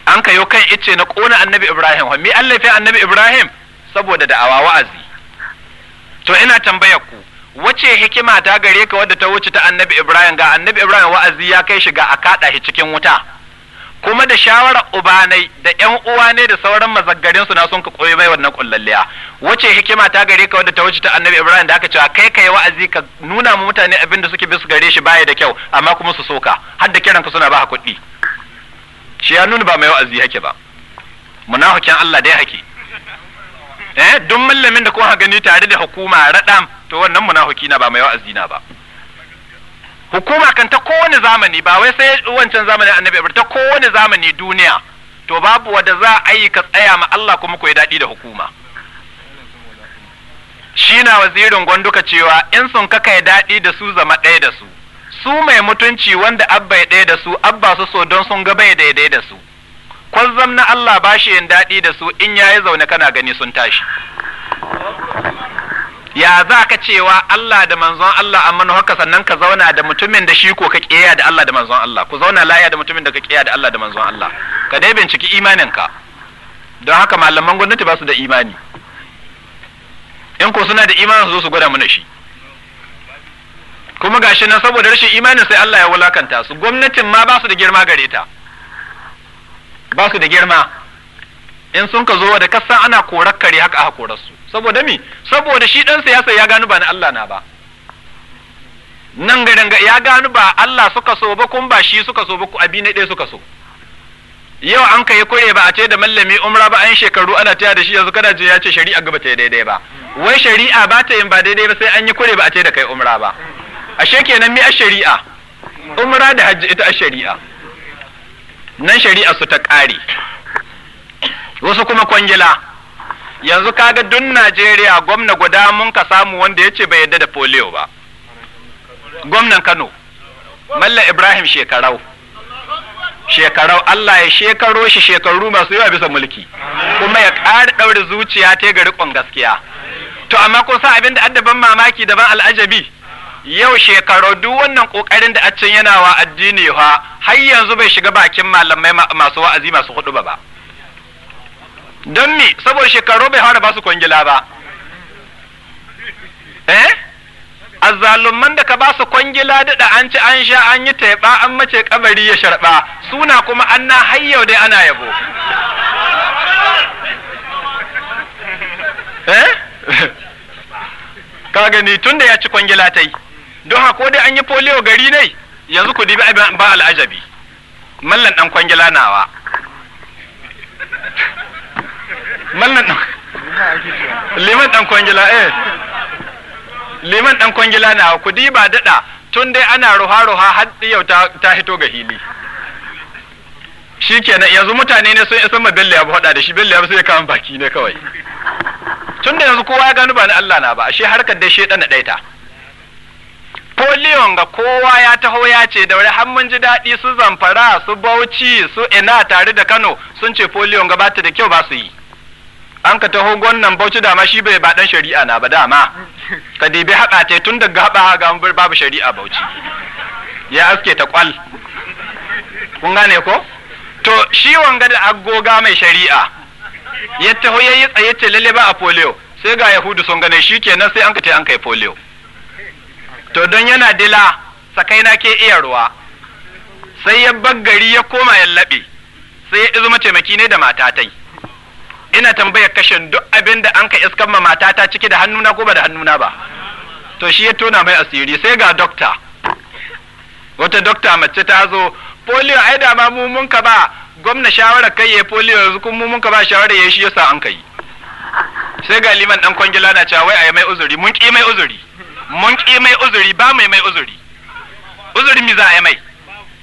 an ka yau kan icce na ƙona annabi ibrahim mi allafi annabi ibrahim saboda da'awa wa'azi to ina tambayar ku wace hikima ta gare ka wadda ta wuce ta annabi ibrahim ga annabi ibrahim wa'azi ya kai shi ga a kaɗa shi cikin wuta kuma da shawarar ubanai da ƴan uwa ne da sauran mazaggarin su na sun ka koyi mai wannan kullalliya wace hikima ta gare ka wadda ta wuce ta annabi ibrahim da aka cewa kai kai wa'azi ka nuna mu mutane abin da suke bisu gare shi baya da kyau amma kuma su soka har da kiran ka suna ba kuɗi shi ya nuna ba mai wa'azi hake ba munafikin Allah dai hake eh duk mallamin da kuma gani tare da hukuma radam to wannan munafiki na ba mai wa'azi na ba hukuma kan ta kowane zamani ba wai sai wancan zamanin annabi ta kowane zamani duniya to babu wanda za a yi ka tsaya ma Allah kuma ku yi daɗi da hukuma shi na wazirin gwanduka cewa in sun ka kai daɗi da su zama ɗaya da su su mai mutunci wanda abba ya ɗaya da su abba su so don sun ga bai daidai da su kwazzam na Allah ba shi yin daɗi da su in yayi zaune kana gani sun tashi ya za ka cewa Allah da manzon Allah amma haka sannan ka zauna da mutumin da shi ko ka ƙeya da Allah da manzon Allah ku zauna laya da mutumin da ka ƙeya da Allah da manzon Allah ka dai binciki imaninka don haka malaman gwamnati ba su da imani in ku suna da imanin su zo su gwada mana shi kuma ga shi nan saboda rashin imanin sai Allah ya wulakanta su gwamnatin ma ba su da girma gare ta ba su da girma in sun ka zo da kasa ana korar kare haka aka korar su saboda mi saboda shi dan siyasa ya gano ba na Allah na ba nan garin ya gano ba Allah suka so ba kun ba shi suka so ba ku abi na ɗaya suka so yau an kai kure ba a ce da mallami umra ba an shekaru ana taya da shi yanzu kana je ya ce shari'a gaba ta daidai ba wai shari'a ba ta yin ba daidai ba sai an yi kure ba a ce da kai umra ba ashe kenan mi a shari'a umra da hajji ita a shari'a nan shari'a su ta ƙare wasu kuma kwangila yanzu kaga duk Najeriya gwamna guda mun ka samu wanda ya ce bai yadda da polio ba gwamnan Kano Malla Ibrahim shekarau shekarau Allah ya shekaro shi shekaru masu yawa bisa mulki kuma ya ƙara ɗaure zuciya ta gari gaskiya to amma ko sa abin da addaban mamaki daban al'ajabi yau shekaru duk wannan kokarin da accin yana wa addini ha har yanzu bai shiga bakin malamai masu wa'azi masu hudu ba don mi saboda shekaru bai fara ba su kwangila ba eh azalumman da ka ba su kwangila da an ci an sha an yi taiba an mace kabari ya sharba suna kuma an na hayyau dai ana yabo eh ka gani tun da ya ci kwangila ta yi don haka dai an yi polio gari ne yanzu ku dibi ba al'ajabi mallan dan kwangila nawa mallan dan liman dan kwangila eh liman dan kwangila nawa ku diba dada tun dai ana ruha ruha har yau ta hito ga hili shikenan yanzu mutane ne sun isa ma Bello ya hada da shi Bello ya sai kawo baki ne kawai tun da yanzu kowa ya gano ba na Allah na ba ashe harkar dai shedan na daita Foliyon ga kowa ya taho ya ce da wuri har mun ji daɗi su zamfara su bauchi su ina tare da Kano sun ce foliyon ga bata da kyau ba su yi. An ka taho gwannan bauchi dama shi bai ba dan shari'a na ba dama. Ka dibi haɓa te tun daga haɓa ga babu shari'a bauchi. Ya aske ta kwal. Kun gane ko? To shi wanga da agoga mai shari'a. Ya taho yayi tsaye ce lalle ba a polio. Sai ga Yahudu sun gane shi kenan sai an ka an kai polio. to don yana dila sakaina ke iya ruwa sai ya baggari ya koma ya laɓe sai ya izuma mataimaki ne da matatai ina tambayar kashin duk abin da an ka iskan ma matata ciki da hannuna ko ba da hannuna ba to shi ya tona mai asiri sai ga dokta wata dokta mace ta zo polio ai da ma mu mun ka ba gwamna shawara kai ya polio yanzu kun mu mun ka ba shawara ya shi yasa an kai sai ga liman dan kwangila na cewa wai ai mai uzuri mun ki mai uzuri mun ƙi mai uzuri ba mai mai uzuri uzurin mi za a mai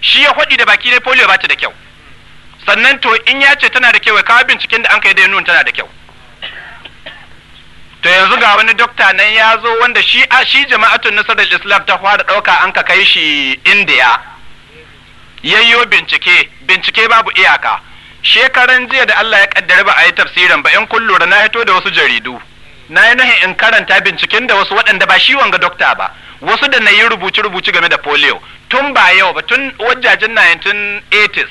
shi ya faɗi da baki dai polio ba ta da kyau sannan to in ya ce tana da kyau ya kawo binciken da an kai dai nun tana da kyau to yanzu ga wani dokta nan ya zo wanda shi a shi jama'atun nasarar islam ta fara ɗauka an ka kai shi indiya yayyo bincike bincike babu iyaka shekaran jiya da allah ya kaddara ba a yi tafsirin ba in kun lura na hito da wasu jaridu na yi nahin in karanta binciken da wasu waɗanda ba shi wanga dokta ba wasu da na yi rubuce-rubuce game da polio tun ba yau ba tun wajajen 1980s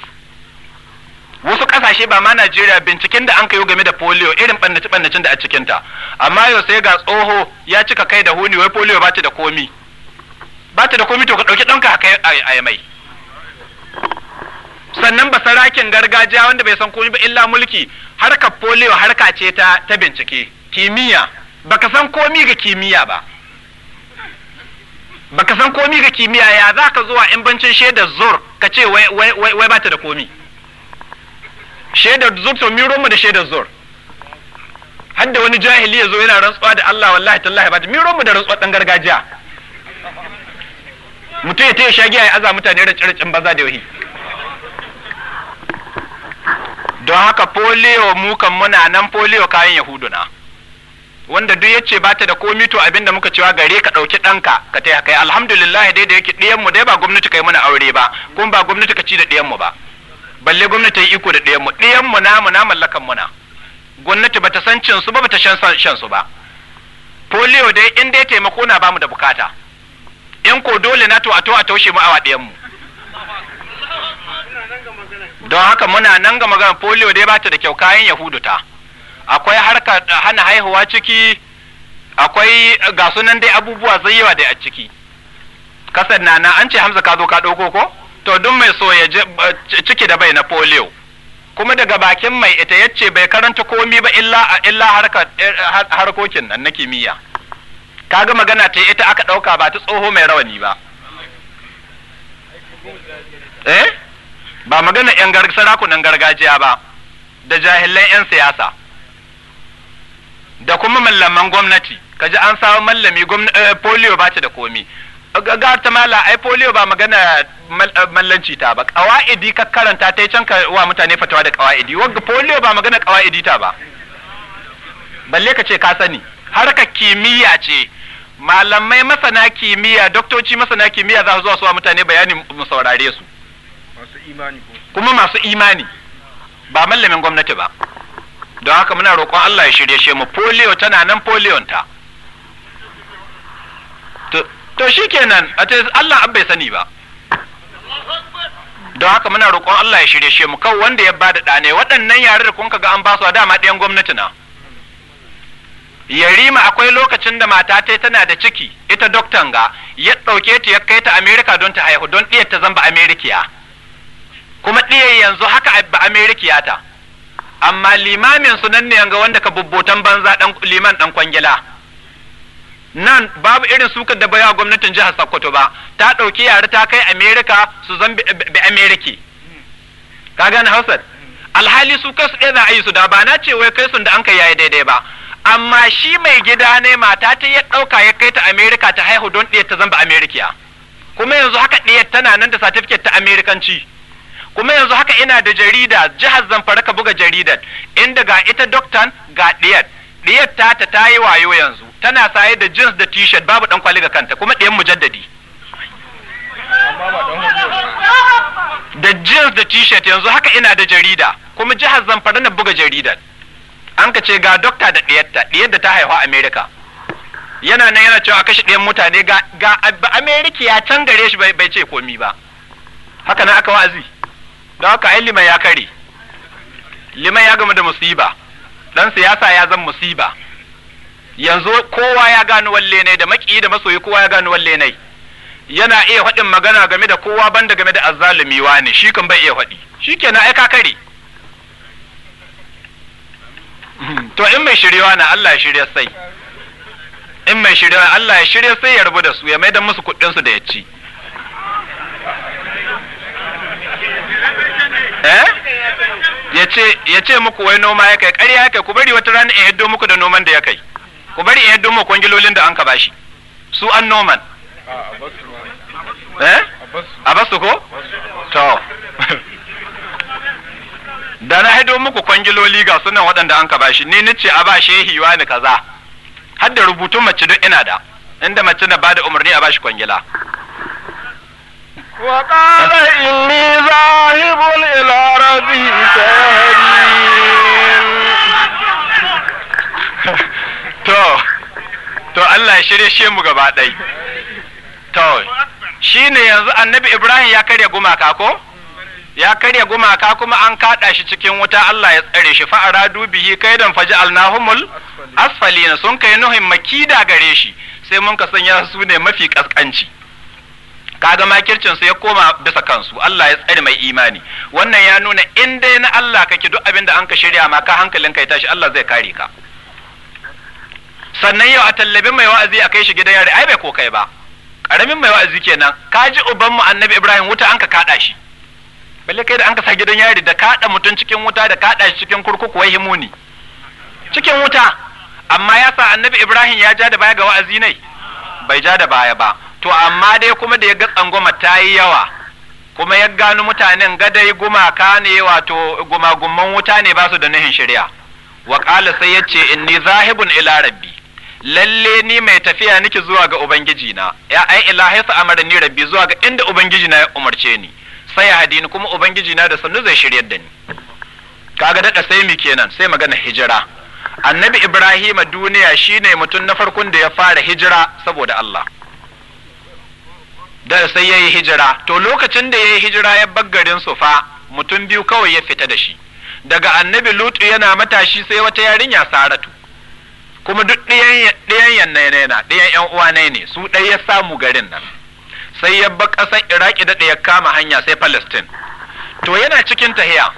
wasu ƙasashe ba ma Najeriya binciken da an kayo game da polio irin ɓannace ɓannacin da a cikinta amma yau sai ga tsoho ya cika kai da huni wai polio ba ta da komi ba ta da komi to ka ɗauki ɗanka a kai a mai sannan ba sarakin gargajiya wanda bai san komi ba illa mulki harkar polio harka ce ta bincike kimiyya baka san komi ga kimiyya ba baka san komi ga kimiyya ya za ka zuwa in bancin shaidar zur ka ce wai ba ta da komi shaidar zur to miro mu da shaidar zur har da wani jahili ya zo yana rantsuwa da Allah wallahi tallahi ba miro mu da rantsuwa dan gargajiya mutum ya taya shagiya ya aza mutane racin baza da yahi don haka polio mu kan muna nan polio kayan yahuduna wanda duk yace ba ta da komi to abinda muka cewa gare ka ɗauki ɗanka ka tai kai alhamdulillah dai da yake diyan mu dai ba gwamnati kai mana aure ba kuma ba gwamnati ka ci da diyan mu ba balle gwamnati yi iko da diyan mu diyan mu namu na mallakan muna gwamnati bata san cin su ba bata shan shan su ba polio dai in dai taimako na bamu da bukata in ko dole na to a to a taushe mu awa diyan mu don haka muna nan ga magana polio dai ba ta da kyau kayan yahudu ta akwai harka hana haihuwa ciki akwai eh, ga sunan dai abubuwa zai yawa dai a ciki kasar nana an ce hamza ka zo ka ɗauko ko to duk mai so ya ciki da bai na polio kuma daga bakin mai ita yace bai karanta komi ba illa illa eh, harkokin nan na kimiyya kaga magana ta ita aka ɗauka ba ta tsoho mai rawani ba eh ba magana yan sarakunan gargajiya ba da jahilan yan siyasa da kuma mallaman gwamnati kaji an samu mallami eh, polio ba ta da komi ga ta mala ai polio ba magana eh, mallanci ta ba kawaidi ka karanta ta can ka wa mutane fatawa da kawaidi wanda polio ba magana kawaidi ta ba balle ka ce ka sani ka kimiyya ce malamai masana kimiyya doktoci masana kimiyya za su zuwa su wa mutane bayani mu saurare su kuma masu imani ba mallamin gwamnati ba don haka muna roƙon Allah ya shirye shi mu polio tana nan folion ta to shi kenan a ce Allah an bai sani ba don haka muna roƙon Allah ya shirye shi mu kawai wanda ya bada ɗane waɗannan yare da kun ga an ba su dama ɗayan gwamnati na yarima akwai lokacin da mata ta tana da ciki ita doktan ga ya ɗauke ta ya kai ta Amerika don ta haihu don ɗiyar ta zamba Amerikiya kuma ɗiyar yanzu haka ba Amerikiya ta amma limamin sunan nan ne yanga wanda ka bubbotan banza dan liman dan kwangila nan babu irin sukar da baya gwamnatin jihar Sokoto ba ta dauki yare ta kai america su zan bi america ka gane Hausar alhali su kasu ɗaya za a yi su da ba na ce wai kai sun da an kai yayi daidai ba amma shi mai gida ne mata ta ya ɗauka ya kai ta america ta haihu don ɗaya ta zamba america kuma yanzu haka ɗaya tana nan da satifiket ta americanci. kuma yanzu haka ina da jarida jihar zamfara ka buga jaridar inda ga ita doktan ga ɗiyar ɗiyar ta ta yi wayo yanzu tana saye da jeans da t-shirt babu ɗan kwali ga kanta kuma ɗiyan mujaddadi da jeans da t-shirt yanzu haka ina da jarida kuma jihar zamfara na buga jaridar an ka ce ga dokta da ɗiyarta ɗiyar da ta haihu america yana nan yana cewa kashe ɗayan mutane ga ga america ya can gare shi bai ce komi ba haka na aka wa'azi don haka ai liman ya kare liman ya gama da musiba dan siyasa ya zan musiba yanzu kowa ya gano walle ne da maki da masoyi kowa ya gano walle ne yana iya faɗin magana game da kowa banda game da azzalumi ne shi kan bai iya faɗi ke ai ka kare to in mai shiryawa na Allah ya shirya sai in mai shirya Allah ya shirya sai ya rabu da su ya maida musu kuɗinsu da ya ci Eh? ya ce muku wai noma ya kai ƙarya ya kai ku bari wata rana ya yaddo muku da noman da ya kai ku bari ya yaddo muku kwangilolin da an ka bashi su an noman eh? a basu ko to da na haido muku kwangiloli ga sunan waɗanda an ka bashi ni nace a ba shehi wani kaza har da rubutun mace duk ina da inda mace na bada umarni a bashi kwangila وقال إني ذاهب إلى ربي To, to Allah ya يشري shi mu To, shi ne yanzu annabi Ibrahim ya karya gumaka ko? Ya karya gumaka kuma an kaɗa shi cikin wuta Allah ya tsare shi fa'ara dubihi kai dan faji alnahumul asfalina sun kai nuhin makida gare shi sai mun ka sanya su ne mafi ƙasƙanci. kaga kircin su ya koma bisa kansu Allah ya tsare mai imani wannan ya nuna in dai na Allah kake duk abin da an ka shirya ma ka hankalin kai tashi Allah zai kare ka sannan yau a tallafin mai wa'azi a kai shi gidan yare ai bai ko kai ba karamin mai wa'azi kenan ka ji ubanmu annabi Ibrahim wuta an ka kada shi balle kai da an ka sa gidan yari da kada mutum cikin wuta da kada shi cikin kurkuku wai himuni cikin wuta amma ya sa annabi Ibrahim ya ja da baya ga wa'azi ne bai ja da baya ba to amma dai kuma da ya ga tsangwama ta yi yawa kuma ya gano mutanen gadai gumaka ne wato gumagumman wuta ne ba su da nuhin shari'a wa ya sai yace inni zahibun ila rabbi lalle ni mai tafiya nake zuwa ga ubangiji na ya ai ilahi sa ni rabbi zuwa ga inda ubangiji na ya umarce ni sai ya hadini kuma ubangiji na da sannu zai shiryar da ni kaga daɗa sai mi kenan sai magana hijira annabi ibrahima duniya shine mutum na farkon da ya fara hijira saboda Allah da sai ya yi hijira to lokacin da ya yi hijira ya baggarin su fa mutum biyu kawai ya fita da shi daga annabi lutu yana matashi sai wata yarinya saratu kuma duk ɗayan yanne na ɗiyan yan uwa ne su ɗaya ya samu garin nan sai ya bar ƙasar iraki da ya kama hanya sai palestine to yana cikin tahiya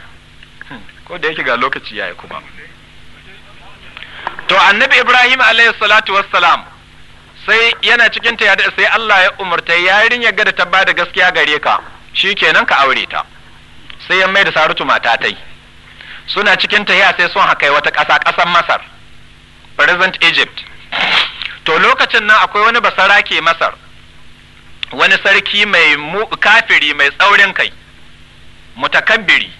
hmm, ko da yake ga lokaci yayi kuma to annabi ibrahim alaihi salatu wassalam sai yana cikin ta sai Allah ya umarta yarinyar gada gada ta bada gaskiya gare ka shi kenan ka aure ta sai ya mai da sarutu mata ta yi suna cikin ya sai sun haka wata ƙasa ƙasar masar present egypt to lokacin nan akwai wani basarake masar wani sarki mai kafiri mai tsaurin kai mutakabbiri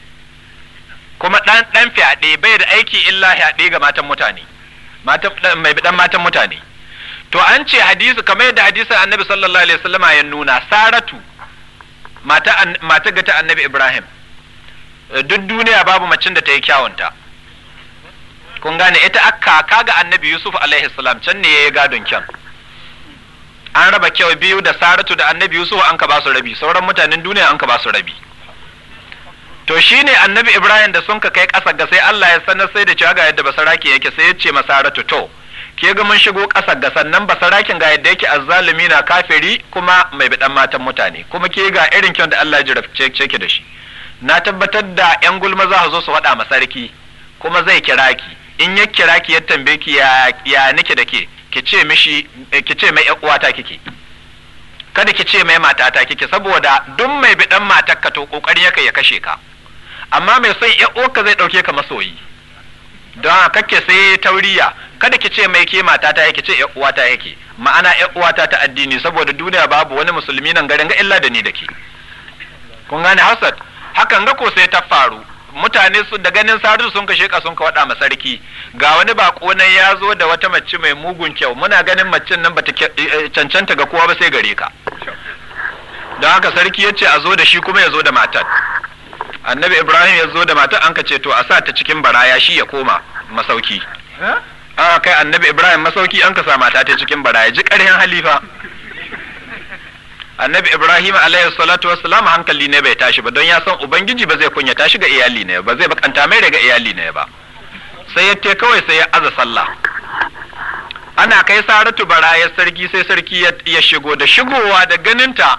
kuma dan fyaɗe bai da aiki illa fyaɗe ga matan mutane mai bidan matan mutane to an ce hadisi kamar yadda hadisin annabi sallallahu alaihi wasallama ya nuna saratu mata mata gata annabi ibrahim eh, duk duniya babu macin da ta yi kyawunta kun gane ita akka kaga annabi yusuf alaihi salam can ne yayi gadon kyan an raba kyau biyu da saratu da annabi yusuf an ka ba su rabi sauran mutanen duniya an ka ba su rabi to shine annabi ibrahim da sun ka kai ƙasa ga sai allah ya sanar sai da cewa ga yadda basarake yake sai ya ce masaratu to ke ga mun shigo ƙasa ga sannan ba sarakin ga yadda yake azzalumi na kafiri kuma mai bidan matan mutane kuma ke ga irin kyan da Allah ya jirafce ke da shi na tabbatar da yan gulma za su zo su wada ma sarki kuma zai kira ki in ya kira ki ya tambaye ki ya ya nake da ke ki ce mishi eh, ki ce mai ta kike kada ki ce mai mata ta kike saboda duk mai bidan ka to kokari yake ya kashe ka amma mai son ya ka zai dauke ka masoyi don kake sai tauriya kada ki ce mai ke mata ta yake ce ƴan uwata yake ma'ana ƴan uwata ta addini saboda duniya babu wani musulmi nan garin ga illa da ni da ke kun gane Hafsat hakan ga ko sai ta faru mutane su da ganin sardu sun kashe ka sun ka wada ma sarki ga wani bako nan ya zo da wata mace mai mugun kyau muna ganin macen nan bata eh, eh, cancanta ga kowa ba sai gare ka don haka sarki ya ce a zo da shi kuma ya zo da matar annabi ibrahim ya zo da matar an ka ce to a sa ta cikin baraya shi ya koma masauki A kai annabi ibrahim masauki an ka sa mata ta cikin baraya ji karhin halifa annabi ibrahim alayhi salatu wassalam hankali ne bai tashi ba don ya san ubangiji ba zai kunya tashi ga iyali ne ba zai bakanta mai daga iyali ne ba sai ya te kawai sai ya aza sallah ana kai saratu baraya sarki sai sarki ya shigo da shigowa da ganinta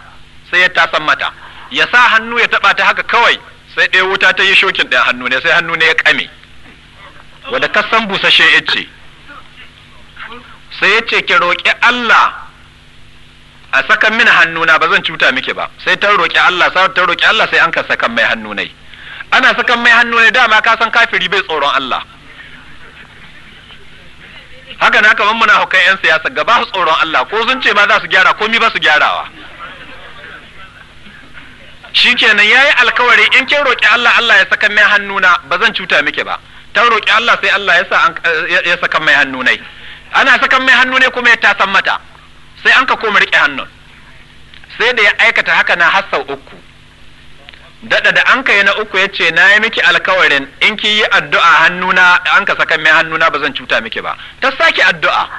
sai ya tasan mata ya sa hannu ya taba ta haka kawai sai ɗaya wuta ta yi shokin ɗaya hannu ne sai hannu ne ya kame wadda kasan ya ice sai ya ce ki roƙi Allah a sakan mini hannuna ba zan cuta miki ba sai ta roƙi Allah sai ta roƙi Allah sai an ka sakan mai hannunai ana sakan mai hannunai dama ka san kafiri bai tsoron Allah haka na kaman muna hukai yan siyasa gaba su tsoron Allah ko sun ce ma za su gyara komi ba su gyarawa shikenan yayi alkawari in kin roƙi Allah Allah ya sakan mai hannuna ba zan cuta miki ba ta roƙi Allah sai Allah ya sa ya sakan mai hannunai. ana sakan mai hannu ne kuma ya tasan mata sai an ka koma rike hannun sai da ya aikata haka na hassau uku daɗa da an yi na uku ya ce na yi miki alkawarin in ki yi addu'a hannuna an ka sakan mai hannuna ba zan cuta miki ba ta sake addu'a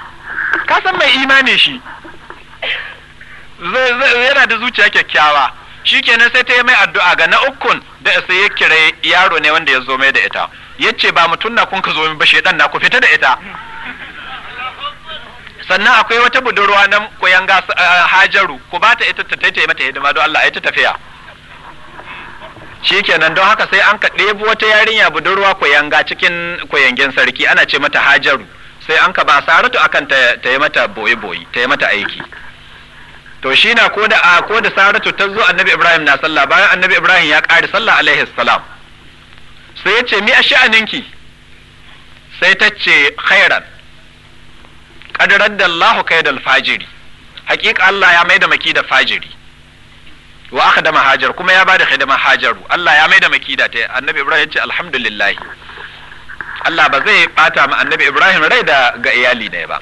ka san mai imani shi yana da zuciya kyakkyawa shi kenan sai ta yi mai addu'a ga na ukun da sai ya kira yaro ne wanda ya zo mai da ita ya ce ba mutum na kun ka zo min ba shaidan na ku fita da ita sannan akwai wata budurwa nan yanga uh, hajaru ku ba ta ita ta taita mata hidima don Allah ta tafiya shikenan don haka sai an ka ɗebo wata yarinya budurwa yanga cikin koyangin sarki ana ce mata hajaru sai an ka ba saratu akan ta yi mata boye-boye ta yi mata aiki to shi na ko da ko da saratu ta zo annabi ibrahim na sallah bayan annabi ibrahim ya kare sallah alaihi salam sai ya ce mi a sha'aninki sai ta ce khairan qad raddallahu kaidal fajiri haƙiƙa Allah ya maida maki da fajiri wa da mahajar kuma ya bada hidima hajaru Allah ya maida maki da ta annabi Ibrahim ce alhamdulillah Allah ba zai bata ma annabi Ibrahim rai da ga iyali ne ba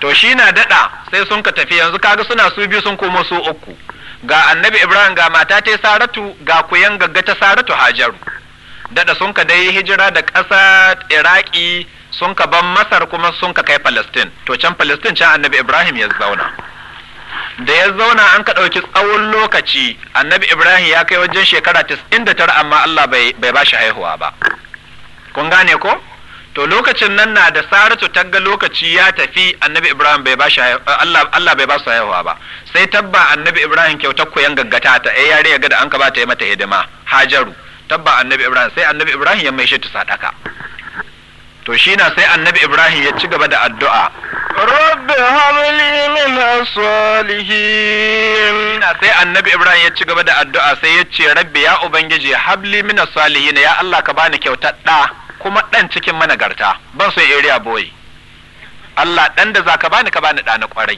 to shi na daɗa sai sun ka tafi yanzu kaga suna su biyu sun komo su uku ga annabi ibrahim ga mata ta saratu ga kuyan gaggata saratu hajaru daɗa sun ka dai hijira da ƙasa iraki sun ka ban masar kuma sun ka kai palestine to can palestine can annabi ibrahim ya zauna da ya zauna an ka ɗauki tsawon lokaci annabi ibrahim ya kai wajen shekara 99 amma allah bai ba shi haihuwa ba kun gane ko to lokacin nan na da saratu tagga lokaci ya tafi annabi ibrahim bai ba allah allah bai ba haihuwa ba sai tabba annabi ibrahim kyauta koyan gaggata ta eh, ya yare ga da an ka ba ta yi mata hidima hajaru tabba annabi ibrahim sai annabi ibrahim ya maishe ta sadaka to shi na sai annabi ibrahim ya ci gaba da addu'a rabbi habli min salihin na sai annabi ibrahim ya ci gaba da addu'a sai ya ce rabbi ya ubangiji habli min salihin ya allah ka bani kyauta da kuma ɗan cikin managarta ban so area boy allah ɗan da zaka bani ka bani da na kwarai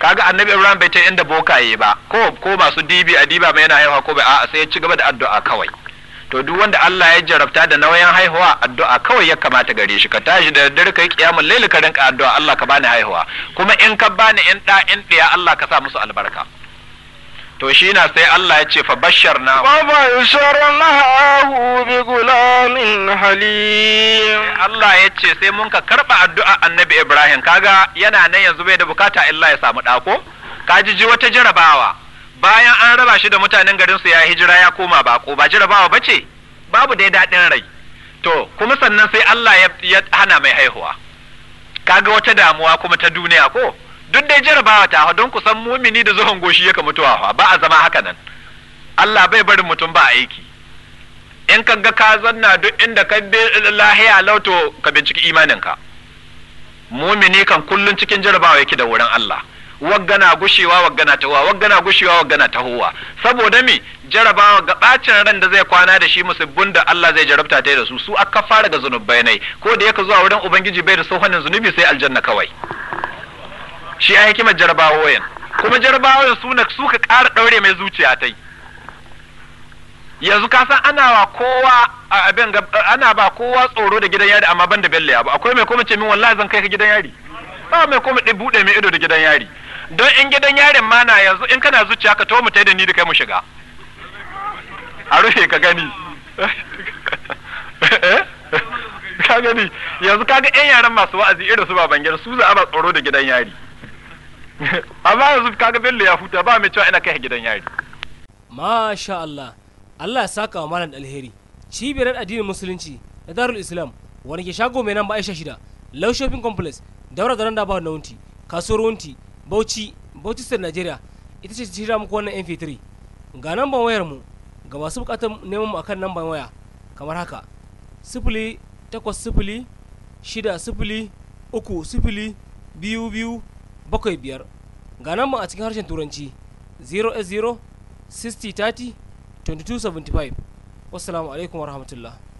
ga annabi ibrahim bai ta inda bokaye ba ko ko masu dibi a diba mai yana haihuwa ko bai a'a sai ya ci gaba da addu'a kawai to duk wanda Allah ya jarabta da nauyin haihuwa addu'a kawai ya kamata gare shi ka tashi da daddare kai kiyamul laili ka rinka addu'a Allah ka bani haihuwa kuma in ka bani in da in diya Allah ka sa musu albarka to shi na sai Allah ya ce fa bashar na wa ba bi gulamin halim Allah ya ce sai mun ka karba addu'a annabi Ibrahim kaga yana nan yanzu bai da bukata illa ya samu dako ka ji wata jarabawa bayan an raba shi da mutanen garin su ya hijira ya koma bako ba jarabawa ba ce babu dai daɗin rai to kuma sannan sai Allah ya hana mai haihuwa kaga wata damuwa kuma ta duniya ko duk dai jarabawa ta don ku san mumini da zuhun goshi ya yaka mutuwa ba a zama haka nan Allah bai barin mutum ba aiki in ka ga ka zanna duk inda ka bi lahiya lauto ka binciki imaninka mumini kan kullun cikin jarabawa yake da wurin Allah waggana gushewa waggana tahowa waggana gushewa waggana tahowa saboda me jarabawa ga bacin ran da zai kwana da shi musubbun da Allah zai jarabta ta da su su aka fara ga zunubai nai ko da yake zuwa wurin ubangiji bai da sohanin zunubi sai aljanna kawai shi a hikimar jarabawoyin kuma jarabawoyin su na suka ƙara ɗaure mai zuciya ta yi yanzu ka san ana wa kowa abin ana ba kowa tsoro da gidan yari amma ban da bello ya ba akwai mai kuma ce min wallahi zan kai ka gidan yari ba mai kuma buɗe mai ido da gidan yari don in gidan yarin ma na yanzu in kana zuciya ka to mu tai da ni da kai mu shiga a rufe ka gani ka gani yanzu kaga yan yaran masu wa'azi irin su baban su za a tsoro da gidan yari amma yanzu kaga bello ya huta ba mai cewa ina kai gidan yari masha Allah Allah ya saka wa malam alheri cibiyar addinin musulunci da darul islam wani ke shago mai nan ba aisha shida laushofin complex daura da nan da ba wunti kasuwar wunti bauchi bauchi state nigeria ita ce shirya muku wannan mp3 ga namban wayar mu ga masu bukatar neman mu akan namban waya kamar haka sifili takwas sifili shida sifili uku sifili biyu biyu bakwai biyar ga namban a cikin harshen turanci 0 60 30 22 75 wasu alaikum rahmatullah